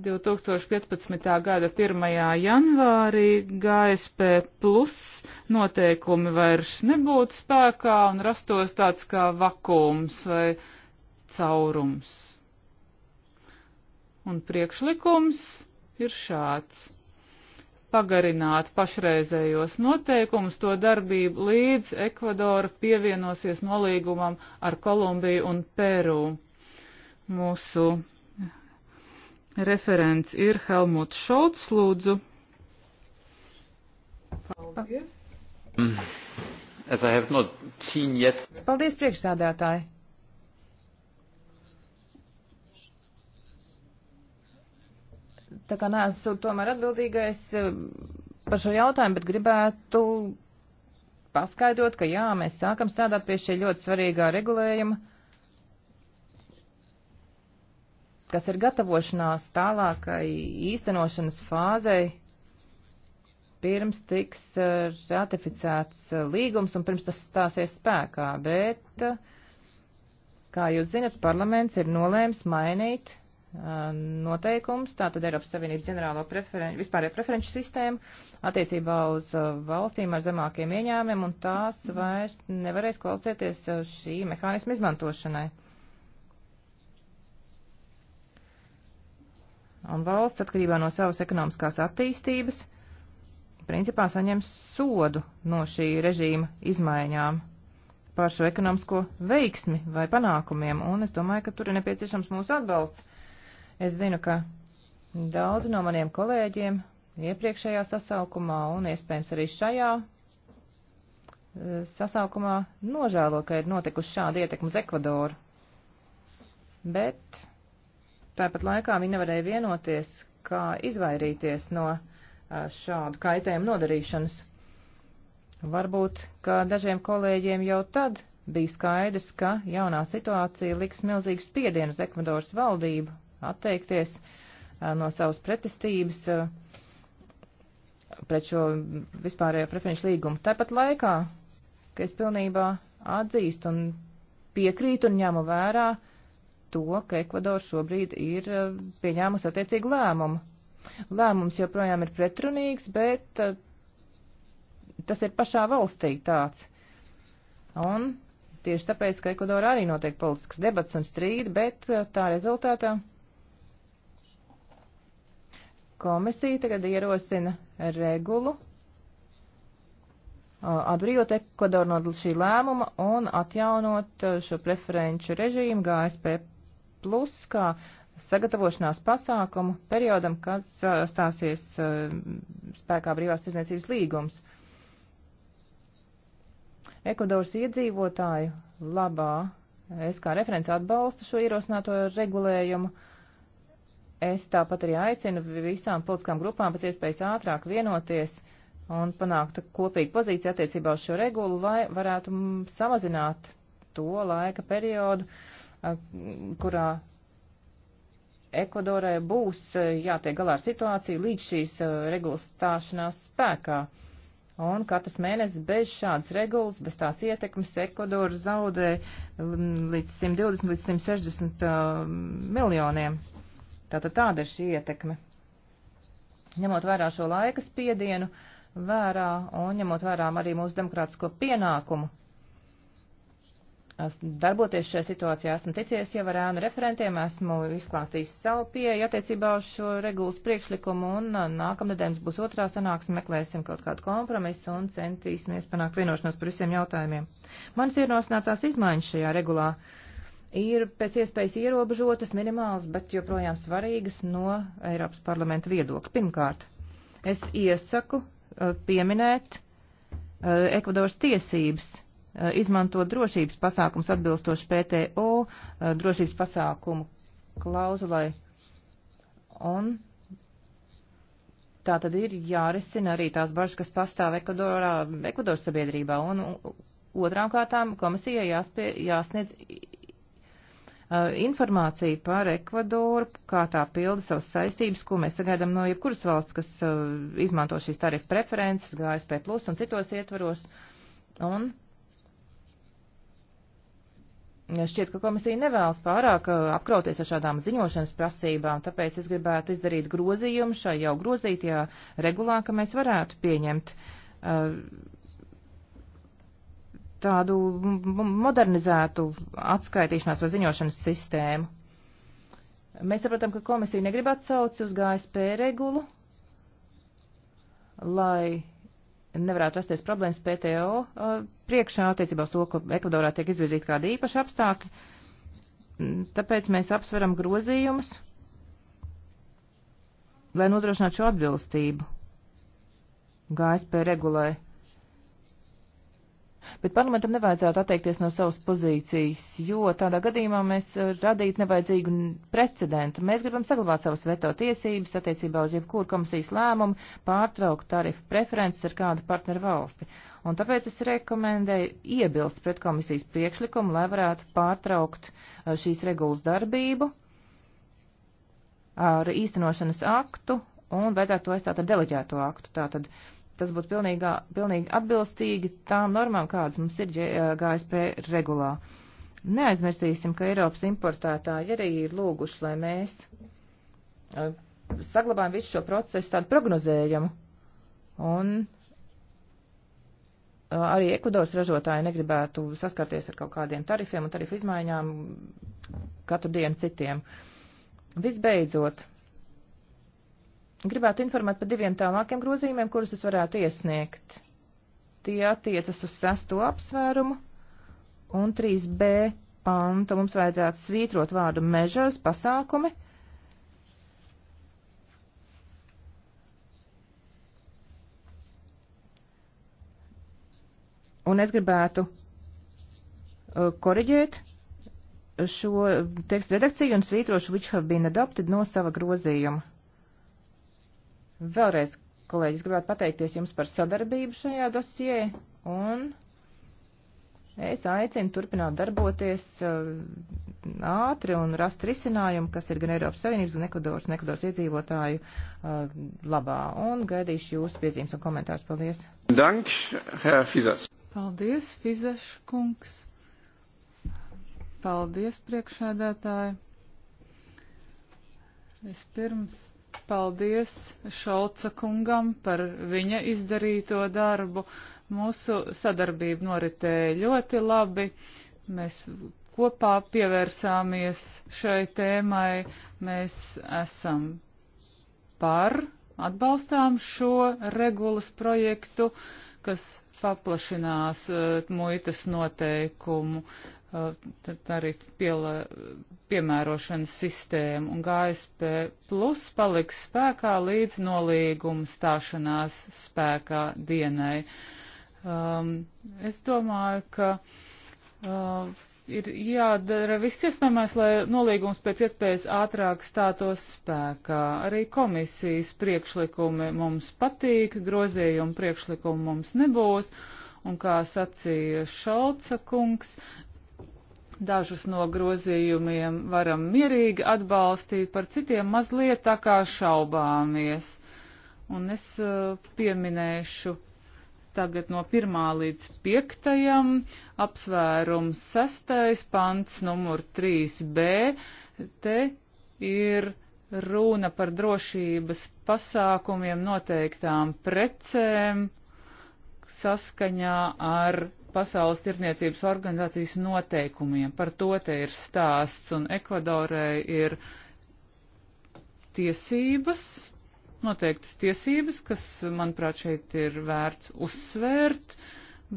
2015. gada 1. janvārī GSP plus noteikumi vairs nebūtu spēkā un rastos tāds kā vakums vai caurums. Un priekšlikums ir šāds pagarināt pašreizējos noteikumus, to darbību līdz Ekvadora pievienosies nolīgumam ar Kolumbiju un Peru. Mūsu Referents ir Helmuts Šolts, lūdzu. Paldies. Paldies, priekšsādātāji. Tā kā neesmu tomēr atbildīgais eh, par šo jautājumu, bet gribētu paskaidrot, ka jā, mēs sākam strādāt pie šī ļoti svarīgā regulējuma. kas ir gatavošanās tālākai īstenošanas fāzei, pirms tiks eh, ratificēts eh, līgums un pirms tas stāsies spēkā, bet, eh, kā jūs zinat, parlaments ir nolēms mainīt noteikums, tātad Eiropas Savienības ģenerālo preferen vispārējo preferenču sistēmu attiecībā uz valstīm ar zemākiem ieņēmumiem, un tās vairs nevarēs kvalificēties šī mehānisma izmantošanai. un valsts atkarībā no savas ekonomiskās attīstības principā saņems sodu no šī režīma izmaiņām par šo ekonomisko veiksmi vai panākumiem, un es domāju, ka tur ir nepieciešams mūsu atbalsts. Es zinu, ka daudzi no maniem kolēģiem iepriekšējā sasaukumā un iespējams arī šajā eh, sasaukumā nožēlo, ka ir notikusi šāda ietekme uz Ekvadoru. Bet Tāpat laikā viņi nevarēja vienoties, kā izvairīties no šādu kaitējumu nodarīšanas. Varbūt, ka dažiem kolēģiem jau tad bija skaidrs, ka jaunā situācija liks milzīgu spiedienu uz Ekvadoras valdību atteikties no savas pretestības pret šo vispārējo preferenču līgumu. Tāpat laikā, ka es pilnībā atzīstu un piekrītu un ņemu vērā uh, to, ka Ekvadora šobrīd ir eh, pieņēmusi attiecīgu lēmumu. Lēmums joprojām ir pretrunīgs, bet eh, tas ir pašā valstī tāds. Un tieši tāpēc, ka Ekvadora arī notiek politisks debats un strīdi, bet eh, tā rezultātā komisija tagad ierosina regulu atbrīvot Ekvadoru no šī lēmuma un atjaunot šo preferenču režīmu GSP plus kā sagatavošanās pasākumu periodam, kad stāsies spēkā brīvās tirdzniecības līgums. Ekvadoras iedzīvotāju labā es kā referents atbalstu šo ierosināto regulējumu. Es tāpat arī aicinu visām politiskām grupām pēc iespējas ātrāk vienoties un panākt kopīgu pozīciju attiecībā uz šo regulu, lai varētu samazināt to laika periodu, uh, kurā Ekvadorai būs jātiek galā ar situāciju līdz šīs regulas stāšanās spēkā. Un katrs mēnesis bez šādas regulas, bez tās ietekmes, Ekvadora zaudē um, līdz 120 līdz 160 uh, miljoniem. Tātad tāda ir šī ietekme. Ņemot vērā šo laika spiedienu, vērā un ņemot vērā arī mūsu demokrātisko pienākumu darboties šajā situācijā. Esmu ticies jau ar ēnu referentiem, esmu izklāstījis savu pieeju attiecībā uz šo regulas priekšlikumu un uh, nākamnedēļ mums būs otrā sanāksme, meklēsim kaut kādu kompromisu un centīsimies panākt vienošanos par visiem jautājumiem. Manas ierosinātās izmaiņas šajā regulā ir pēc iespējas ierobežotas, minimālas, bet joprojām svarīgas no Eiropas parlamenta viedokļa. Pirmkārt, es iesaku uh, pieminēt uh, Ekvadoras tiesības Eh, izmantot drošības pasākums atbilstoši PTO eh, drošības pasākumu klauzulai. Un tā tad ir jārisina arī tās bažas, kas pastāv Ekvadorā, Ekvadoras sabiedrībā. Un otrām kārtām komisijai jāspie, jāsniedz eh, informāciju par Ekvadoru, kā tā pilda savas saistības, ko mēs sagaidām no jebkuras valsts, kas izmanto šīs tarifu preferences, GSP plus un citos ietvaros. Un Šķiet, ka komisija nevēlas pārāk apkrauties ar šādām ziņošanas prasībām, tāpēc es gribētu izdarīt grozījumu šai jau grozītajā regulā, ka mēs varētu pieņemt uh, tādu modernizētu atskaitīšanās vai ziņošanas sistēmu. Mēs saprotam, ka komisija negrib atsauci uz GSP regulu, lai nevarētu rasties problēmas PTO uh, priekšā attiecībā uz to, ka Ekvadorā tiek izvirzīti kādi īpaši apstākļi. Mm, tāpēc mēs apsveram grozījumus, lai nodrošinātu šo atbilstību. GSP regulē Bet parlamentam nevajadzētu atteikties no savas pozīcijas, jo tādā gadījumā mēs radītu nevajadzīgu precedentu. Mēs gribam saglabāt savas veto tiesības attiecībā uz jebkuru komisijas lēmumu pārtraukt tarifu preferences ar kādu partneru valsti. Un tāpēc es rekomendēju iebilst pret komisijas priekšlikumu, lai varētu pārtraukt uh, šīs regulas darbību ar īstenošanas aktu un vajadzētu to aizstāt ar deleģēto aktu. Tātad, uh, tas būtu pilnīgā, pilnīgi atbilstīgi tām normām, kādas mums ir GSP eh, regulā. Neaizmirsīsim, ka Eiropas importētāji arī ir lūguši, lai mēs eh, saglabājam visu šo procesu tādu prognozējumu. Un eh, arī Ekvadoras ražotāji negribētu saskarties ar kaut kādiem tarifiem un tarifu izmaiņām katru dienu citiem. Visbeidzot, Gribētu informēt par diviem tālākiem grozījumiem, kurus es varētu iesniegt. Tie attiecas uz sesto apsvērumu un 3b pantu. Mums vajadzētu svītrot vārdu mežas pasākumi. Un es gribētu uh, koriģēt šo tekstu redakciju un svītrošu which have been adopted no sava grozījuma. Vēlreiz, kolēģis, gribētu pateikties jums par sadarbību šajā dosijē un es aicinu turpināt darboties uh, ātri un rast risinājumu, kas ir gan Eiropas Savienības, gan Ekvadoras, gan Ekvadoras iedzīvotāju uh, labā. Un gaidīšu jūsu piezīmes un komentārus. Paldies! Dank, Herr Fizas! Paldies, Fizas kungs! Paldies, priekšēdētāji! Vispirms Paldies Šolca kungam par viņa izdarīto darbu. Mūsu sadarbība noritēja ļoti labi. Mēs kopā pievērsāmies šai tēmai. Mēs esam par, atbalstām šo regulas projektu, kas paplašinās uh, muitas noteikumu Uh, tarifu pielā, piemērošanas sistēmu un GSP plus paliks spēkā līdz nolīguma stāšanās spēkā dienai. Um, es domāju, ka uh, ir jādara viss iespējamais, lai nolīgums pēc iespējas ātrāk stātos spēkā. Arī komisijas priekšlikumi mums patīk, grozījumu priekšlikumu mums nebūs un kā sacīja Šalca kungs, Dažus no grozījumiem varam mierīgi atbalstīt, par citiem mazliet tā kā šaubāmies. Un es uh, pieminēšu tagad no 1 līdz 5, apsvērums 6, pants numur 3b. Te ir runa par drošības pasākumiem noteiktām precēm saskaņā ar Pasaules tirniecības organizācijas noteikumiem. Par to te ir stāsts, un Ekvadorai ir tiesības, noteiktas tiesības, kas, manuprāt, šeit ir vērts uzsvērt,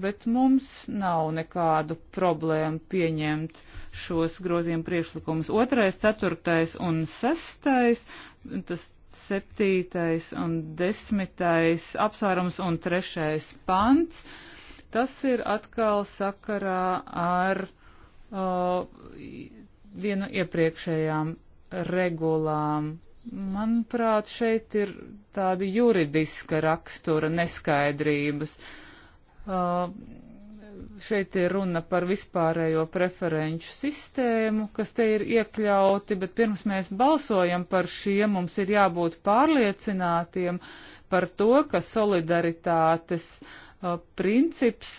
bet mums nav nekādu problēmu pieņemt šos grozījumu priekšlikumus. Otrais, ceturtais un sestais, tas septītais un desmitais apsvērums un trešais pants. Uh, Tas ir atkal sakarā ar uh, vienu iepriekšējām regulām. Manuprāt, šeit ir tāda juridiska rakstura neskaidrības. Uh, šeit ir runa par vispārējo preferenču sistēmu, kas te ir iekļauti, bet pirms mēs balsojam par šiem, mums ir jābūt pārliecinātiem par to, ka solidaritātes uh, princips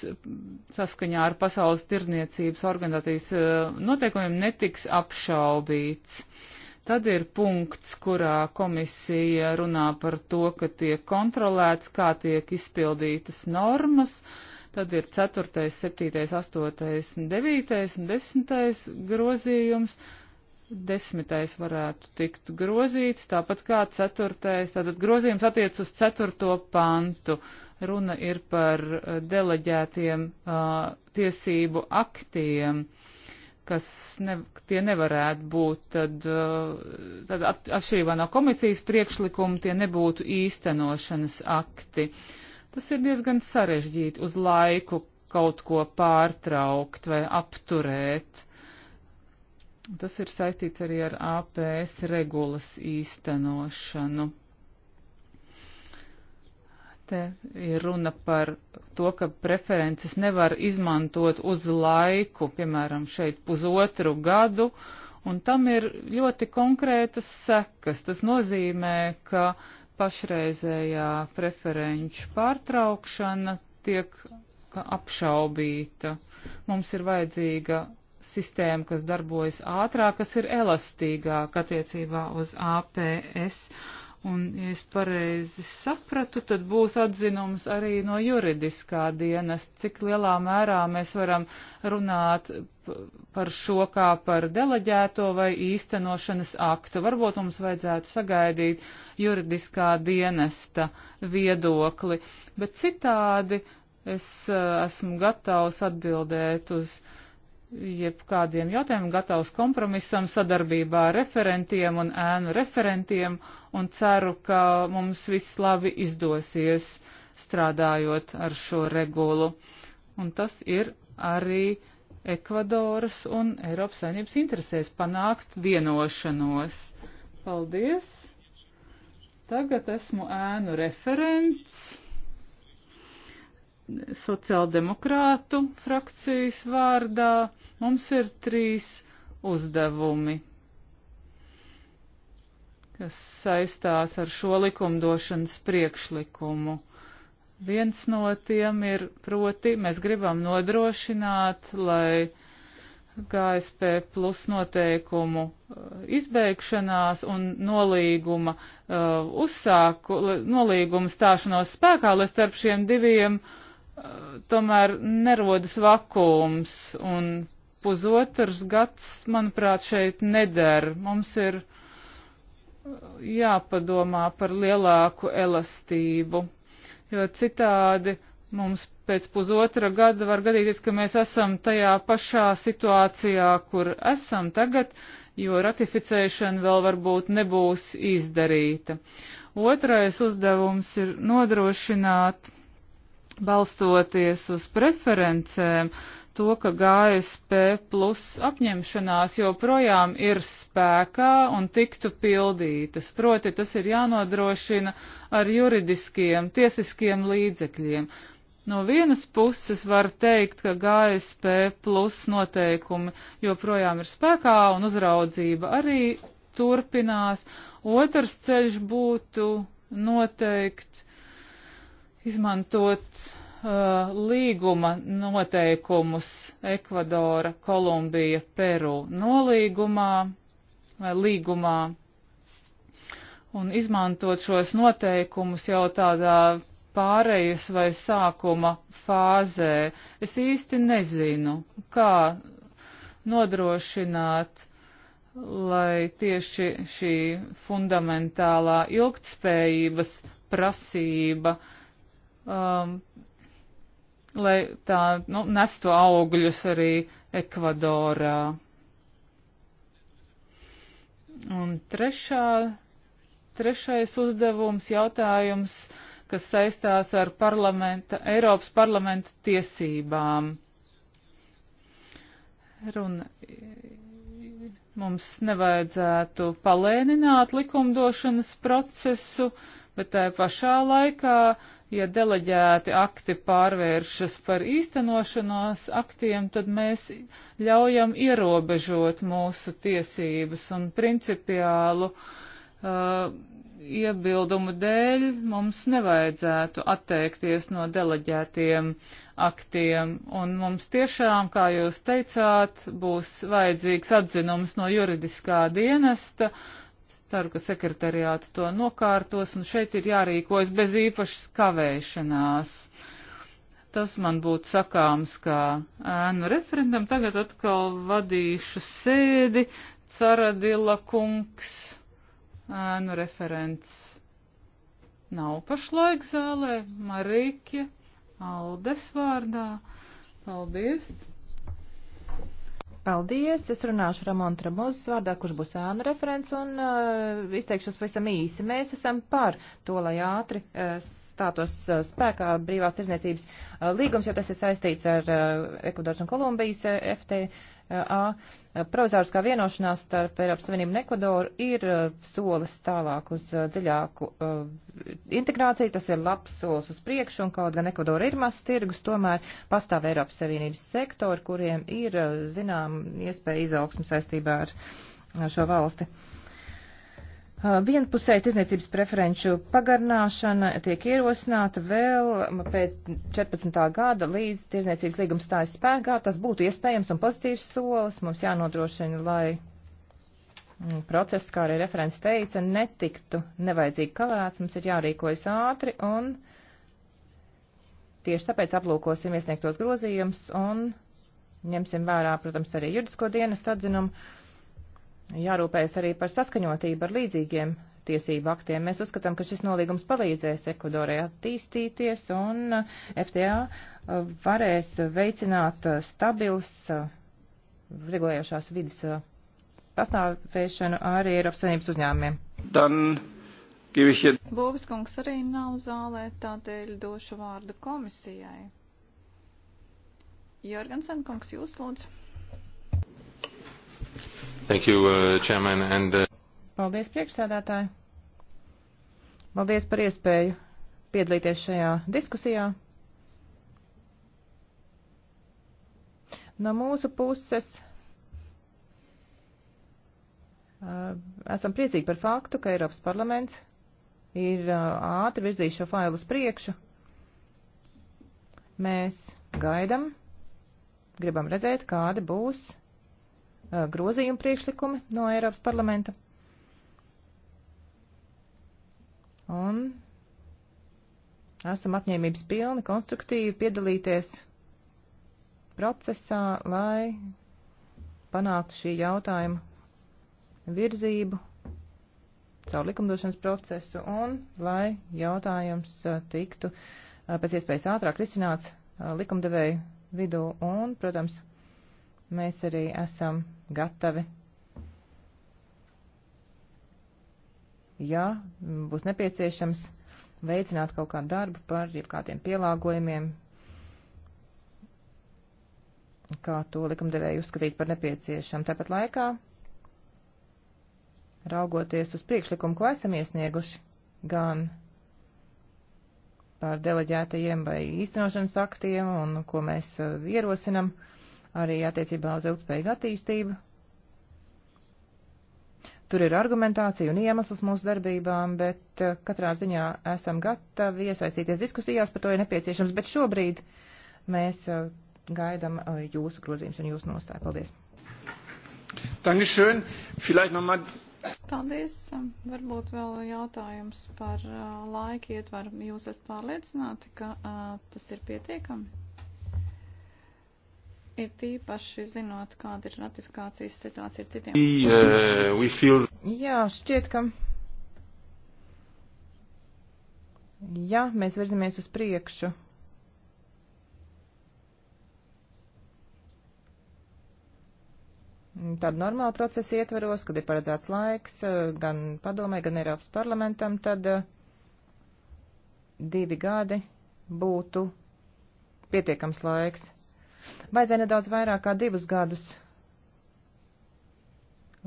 saskaņā ar Pasaules tirdzniecības organizācijas uh, noteikumiem netiks apšaubīts. Tad ir punkts, kurā komisija runā par to, ka tiek kontrolēts, kā tiek izpildītas normas, uh, Tad ir 4., 7., 8., 9. un 10. grozījums. 10. varētu tikt grozīts, tāpat kā 4. Tātad grozījums attiec uz 4. pantu. Runa ir par eh, deleģētiem uh, tiesību aktiem kas ne, tie nevarētu būt, tad, eh, tad atšķirībā no komisijas priekšlikuma tie nebūtu īstenošanas akti. Uh, Tas ir diezgan sarežģīti uz laiku kaut ko pārtraukt vai apturēt. Tas ir saistīts arī ar APS regulas īstenošanu. Te ir runa par to, ka preferences nevar izmantot uz laiku, piemēram, šeit pusotru gadu, un tam ir ļoti konkrētas sekas. Tas nozīmē, ka uh, pašreizējā preferenču pārtraukšana tiek apšaubīta. Mums ir vajadzīga sistēma, kas darbojas ātrāk, kas ir elastīgāk attiecībā uz APS Un, ja es pareizi sapratu, tad būs atzinums arī no juridiskā dienas, cik lielā mērā mēs varam runāt par šo kā par deleģēto vai īstenošanas aktu. Varbūt mums vajadzētu sagaidīt juridiskā dienesta viedokli, bet citādi es eh, esmu gatavs atbildēt uz uh, jebkādiem jautājumiem, gatavs kompromisam sadarbībā ar referentiem un ēnu referentiem un ceru, ka mums viss labi izdosies strādājot ar šo regulu. Un tas ir arī Ekvadoras un Eiropas saimnības interesēs panākt vienošanos. Paldies! Tagad esmu ēnu referents sociāldemokrātu frakcijas vārdā mums ir trīs uzdevumi, kas saistās ar šo likumdošanas priekšlikumu. Viens no tiem ir proti, mēs gribam nodrošināt, lai GSP plus noteikumu uh, izbeigšanās un nolīguma uh, uzsāku, nolīguma stāšanos spēkā, lai starp šiem diviem uh, tomēr nerodas vakums, un pusotrs gads, manuprāt, šeit neder. Mums ir uh, jāpadomā par lielāku elastību, jo citādi mums pēc pusotra gada var gadīties, ka mēs esam tajā pašā situācijā, kur esam tagad, jo ratificēšana vēl varbūt nebūs izdarīta. Otrais uzdevums ir nodrošināt balstoties uz preferencēm, to, ka GSP plus apņemšanās joprojām ir spēkā un tiktu pildītas. Proti tas ir jānodrošina ar juridiskiem, tiesiskiem līdzekļiem. No vienas puses var teikt, ka GSP plus noteikumi joprojām ir spēkā un uzraudzība arī turpinās. Otrs ceļš būtu noteikt izmantot uh, līguma noteikumus Ekvadora, Kolumbija, Peru nolīgumā vai līgumā un izmantot šos noteikumus jau tādā pārejas vai sākuma fāzē. Es īsti nezinu, kā nodrošināt, lai tieši šī fundamentālā ilgtspējības prasība uh, um, lai tā nu, nestu augļus arī Ekvadorā. Un trešā, trešais uzdevums jautājums, kas saistās ar parlamenta, Eiropas parlamenta tiesībām. Runa mums nevajadzētu palēnināt likumdošanas procesu, bet tai pašā laikā ja deleģēti akti pārvēršas par īstenošanās aktiem, tad mēs ļaujam ierobežot mūsu tiesības un principiālu uh, iebildumu dēļ mums nevajadzētu atteikties no deleģētiem aktiem. Un mums tiešām, kā jūs teicāt, būs vajadzīgs atzinums no juridiskā dienesta Ceru, ka sekretariāts to nokārtos, un šeit ir jārīkojas bez īpašas kavēšanās. Tas man būtu sakāms, kā ēnu referendam. Tagad atkal vadīšu sēdi. Caradila kungs, ēnu referents. Nav pašlaik zālē, Marīkie, Aldes vārdā. Paldies! Paldies! Es runāšu Ramonu Tramozes vārdā, kurš būs ēnu referents, un uh, izteikšos pavisam īsi. Mēs esam par to, lai ātri uh, stātos uh, spēkā brīvās tirdzniecības uh, līgums, jo tas ir saistīts ar uh, Ekvadoras un Kolumbijas uh, FTA. Uh, A. Provizoriskā vienošanās starp Eiropas Savienību un Ekvadoru ir solis tālāk uz dziļāku integrāciju. Tas ir labs solis uz priekšu, un kaut gan Ekvadora ir mazs tirgus, tomēr pastāv Eiropas Savienības sektori, kuriem ir, zinām, iespēja izaugsmu saistībā ar šo valsti. Uh, Uh, vienpusēja tirzniecības preferenču pagarnāšana tiek ierosināta vēl pēc 14. gada līdz tirzniecības līgums stājas spēkā. Tas būtu iespējams un pozitīvs solis. Mums jānodrošina, lai mm, process, kā arī referents teica, netiktu nevajadzīgi kavēts. Mums ir jārīkojas ātri un tieši tāpēc aplūkosim iesniegtos grozījumus un ņemsim vērā, protams, arī juridisko dienas atzinumu jārūpējas arī par saskaņotību ar līdzīgiem tiesību aktiem. Mēs uzskatām, ka šis nolīgums palīdzēs Ekvadorai attīstīties un eh, FTA eh, varēs veicināt eh, stabils regulējošās vidas pastāvēšanu arī Eiropas Savienības uzņēmumiem. Dan. Bobs kungs arī nav zālē, tādēļ došu vārdu komisijai. Jorgensen kungs, jūs lūdzu. Thank you, uh, chairman, and, uh... Paldies, priekšsēdētāji. Paldies par iespēju piedalīties šajā diskusijā. No mūsu puses uh, esam priecīgi par faktu, ka Eiropas parlaments ir uh, ātri virzījis šo failu uz priekšu. Mēs gaidam, gribam redzēt, kādi būs Uh, grozījuma priekšlikumi no Eiropas parlamenta. Un esam apņēmības pilni, konstruktīvi piedalīties procesā, lai panāktu šī jautājuma virzību caur likumdošanas procesu un lai jautājums uh, tiktu uh, pēc iespējas ātrāk risināts likumdevēju vidū. Un, protams, mēs arī esam gatavi. Ja būs nepieciešams veicināt kaut kādu darbu par jebkādiem pielāgojumiem, kā to likumdevēju uzskatīt par nepieciešamu. Tāpat laikā, raugoties uz priekšlikumu, ko esam iesnieguši, gan par deleģētajiem vai īstenošanas aktiem un ko mēs uh, ierosinam, uh, arī attiecībā uz ilgspējīgu attīstību. Tur ir argumentācija un iemesls mūsu darbībām, bet eh, katrā ziņā esam gatavi iesaistīties diskusijās par to, ja nepieciešams, bet šobrīd mēs eh, gaidam eh, jūsu grozījums un jūsu nostāju. Paldies! Dankeschön. Vielleicht nochmal Paldies. Varbūt vēl jautājums par uh, laika ietvaru. Jūs esat pārliecināti, ka uh, tas ir pietiekami? ir tīpaši zinot, kāda ir ratifikācijas situācija ar citiem. Uh, feel... Jā, šķiet, ka. Jā, mēs virzamies uz priekšu. Tad normāla procesa ietveros, kad ir paredzēts laiks uh, gan padomē, gan Eiropas parlamentam, tad uh, divi gadi būtu pietiekams laiks. Vajadzēja nedaudz vairāk kā divus gadus,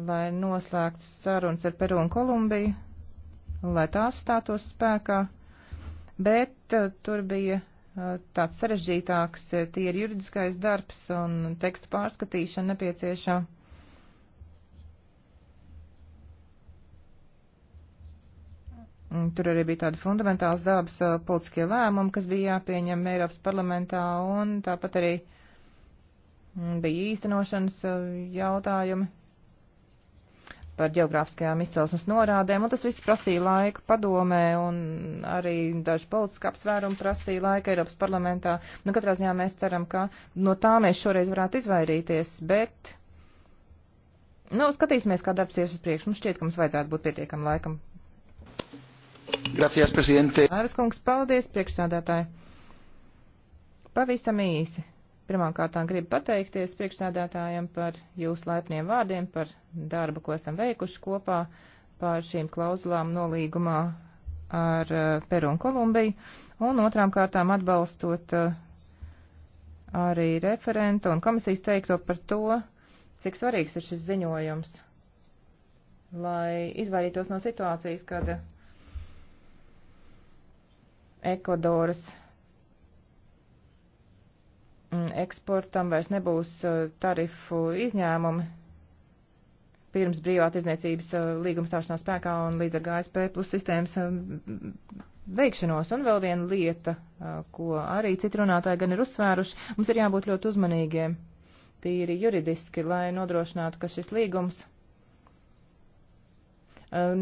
lai noslēgtu sarunas ar Peru un Kolumbiju, lai tās stātos spēkā, bet uh, tur bija uh, tāds sarežģītāks uh, tīri juridiskais darbs un tekstu pārskatīšana nepieciešama. Mm, tur arī bija tādi fundamentāls dabas politiskie lēmumi, kas bija jāpieņem Eiropas parlamentā, un tāpat arī uh, Mm, bija īstenošanas eh, jautājumi par geogrāfiskajām izcelsmes norādēm, un tas viss prasīja laiku padomē, un arī daži politiski apsvērumi prasīja laika Eiropas parlamentā. Nu, katrā ziņā mēs ceram, ka no tā mēs šoreiz varētu izvairīties, bet, nu, skatīsimies, kā darbs ies uz priekšu. Mums šķiet, ka mums vajadzētu būt pietiekam laikam. Gracias, prezidente. Āras kungs, paldies, priekšsādātāji. Pavisam īsi. Pirmkārt, gribu pateikties priekšsēdētājiem par jūsu laipniem vārdiem, par darbu, ko esam veikuši kopā pār šīm klauzulām nolīgumā ar uh, Peru un Kolumbiju, un otrām kārtām atbalstot uh, arī referenta un komisijas teikto par to, cik svarīgs ir šis ziņojums, lai izvairītos no situācijas, kad Ekvadoras Mm, eksportam vairs nebūs uh, tarifu izņēmumi pirms brīvā tirdzniecības uh, līguma stāšanās spēkā un līdz ar GSP plus sistēmas uh, veikšanos. Un vēl viena lieta, ko arī citi runātāji gan ir uzsvēruši, mums ir jābūt ļoti uzmanīgiem, tīri juridiski, lai nodrošinātu, ka šis līgums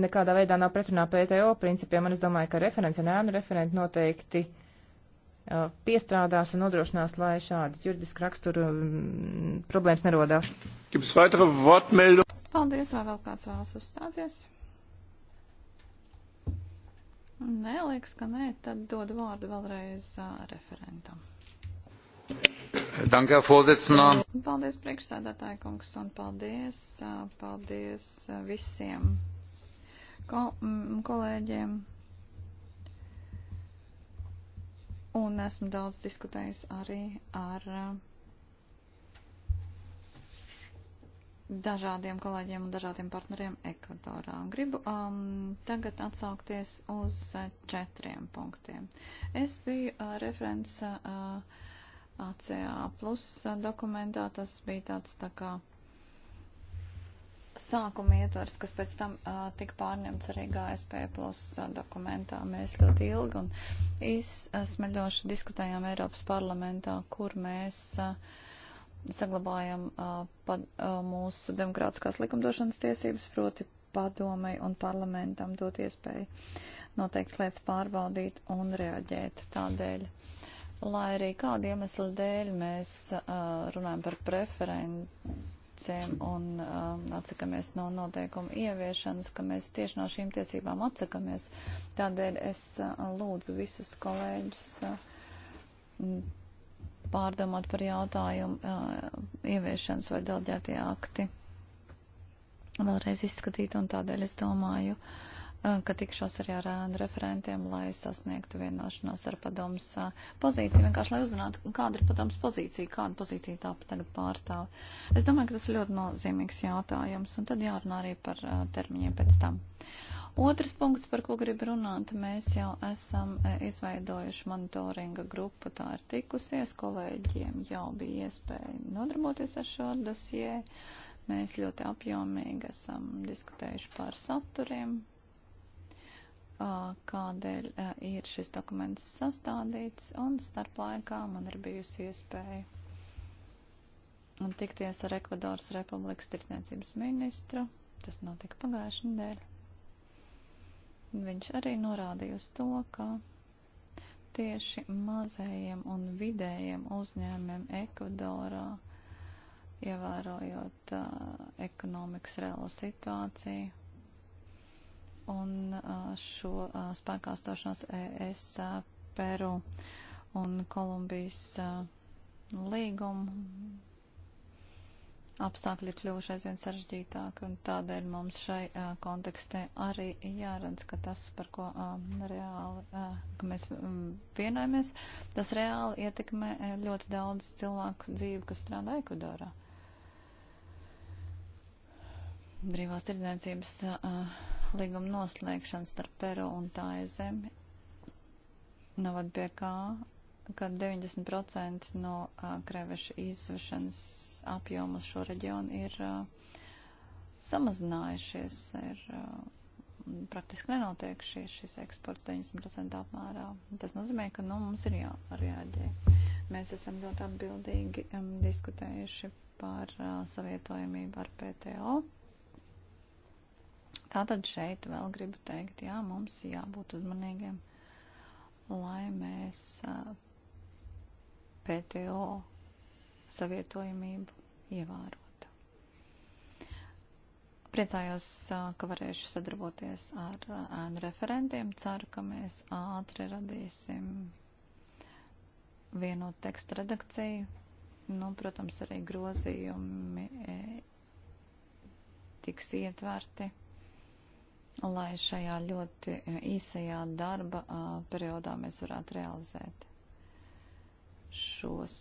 nekādā veidā nav pretrunā PTO principiem, un es domāju, ka referents un ēnu referenti noteikti uh, piestrādās un nodrošinās, lai šādas juridiski rakstura problēmas nerodās. Paldies, vai vēl kāds vēlas uzstāties? Nē, liekas, ka nē, tad dodu vārdu vēlreiz referentam. Danke, Herr Vorsitzender. Paldies, priekšsēdētāji kungs, un paldies, paldies visiem kol kolēģiem, Un esmu daudz diskutējusi arī ar uh, dažādiem kolēģiem un dažādiem partneriem Ekvadorā. Gribu um, tagad atsaukties uz uh, četriem punktiem. Es biju uh, referents uh, ACA plus uh, dokumentā, tas bija tāds tā kā sākuma ietvars, kas pēc tam uh, tika pārņemts arī GSP plus uh, dokumentā. Mēs ļoti ilgi un izsmeļoši diskutējām Eiropas parlamentā, kur mēs uh, saglabājam uh, pad, uh, mūsu demokrātiskās likumdošanas tiesības, proti padomei un parlamentam dot iespēju noteikti lietas pārbaudīt un reaģēt tādēļ. Lai arī kādu iemeslu dēļ mēs uh, runājam par preferentu precēm un um, atsakamies no noteikumu ieviešanas, ka mēs tieši no šīm tiesībām atsakamies. Tādēļ es uh, lūdzu visus kolēģus uh, pārdomāt par jautājumu uh, ieviešanas vai delģētie akti vēlreiz izskatīt, un tādēļ es domāju, uh, Eh, ka tikšos arī ar ēnu eh, referentiem, lai sasniegtu vienošanos ar padomus eh, pozīciju, vienkārši lai uzzinātu, kāda ir padomus pozīcija, kāda pozīcija tā tagad pārstāv. Es domāju, ka tas ir ļoti nozīmīgs jautājums, un tad jārunā arī par termiņiem pēc tam. Otrs punkts, par ko gribu runāt, mēs jau esam izveidojuši monitoringa grupu, tā ir tikusies, kolēģiem jau bija iespēja nodarboties ar šo dosiju. Mēs ļoti apjomīgi esam diskutējuši par saturiem, kādēļ ir šis dokuments sastādīts, un starp laikā man ir bijusi iespēja tikties ar Ekvadoras Republikas tirdzniecības ministru. Tas notika pagājušajā nedēļā. Viņš arī norādīja uz to, ka tieši mazajiem un vidējiem uzņēmiem Ekvadorā, ievērojot uh, ekonomikas reālo situāciju, un šo spēkā stāšanos ES Peru un Kolumbijas līgumu apstākļi ir kļuvuši aizvien sarežģītāki, un tādēļ mums šai a, kontekstē arī jāredz, ka tas, par ko a, reāli, a, ka mēs vienojamies, tas reāli ietekmē ļoti daudz cilvēku dzīvi, kas strādā Ekvadorā. Brīvās tirdzniecības līguma noslēgšana starp Peru un tā zemi novad pie kā, ka 90% no uh, kreveša izvešanas apjomas šo reģionu ir uh, samazinājušies, ir uh, praktiski nenotiek šie, šis eksports 90% apmērā. Tas nozīmē, ka nu, mums ir jārēģē. Mēs esam ļoti atbildīgi um, diskutējuši par uh, savietojamību ar PTO. Tātad šeit vēl gribu teikt, jā, mums jābūt uzmanīgiem, lai mēs PTO savietojamību ievērotu. Priecājos, ka varēšu sadarboties ar ēnu referentiem. Ceru, ka mēs ātri radīsim vienotu tekstu redakciju. Nu, protams, arī grozījumi tiks ietverti lai šajā ļoti eh, īsajā darba periodā mēs varētu realizēt šos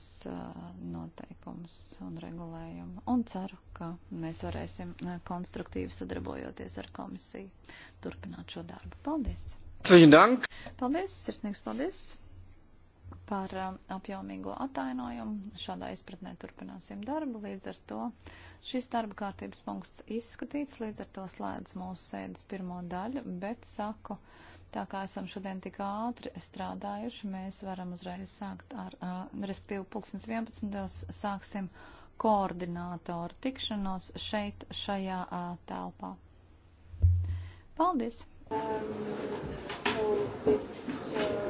noteikumus un regulējumu. Un ceru, ka mēs varēsim konstruktīvi sadarbojoties ar komisiju turpināt šo darbu. Paldies! Paldies! Sirsnīgs paldies! par um, apjomīgo atainojumu. Šādā izpratnē turpināsim darbu. Līdz ar to šis darba kārtības punkts izskatīts, līdz ar to slēdz mūsu sēdes pirmo daļu, bet saku, tā kā esam šodien tik ātri strādājuši, mēs varam uzreiz sākt ar, uh, respektīvi, 2011. sāksim koordinātoru tikšanos šeit, šajā uh, telpā. Paldies! Um, so it's, uh...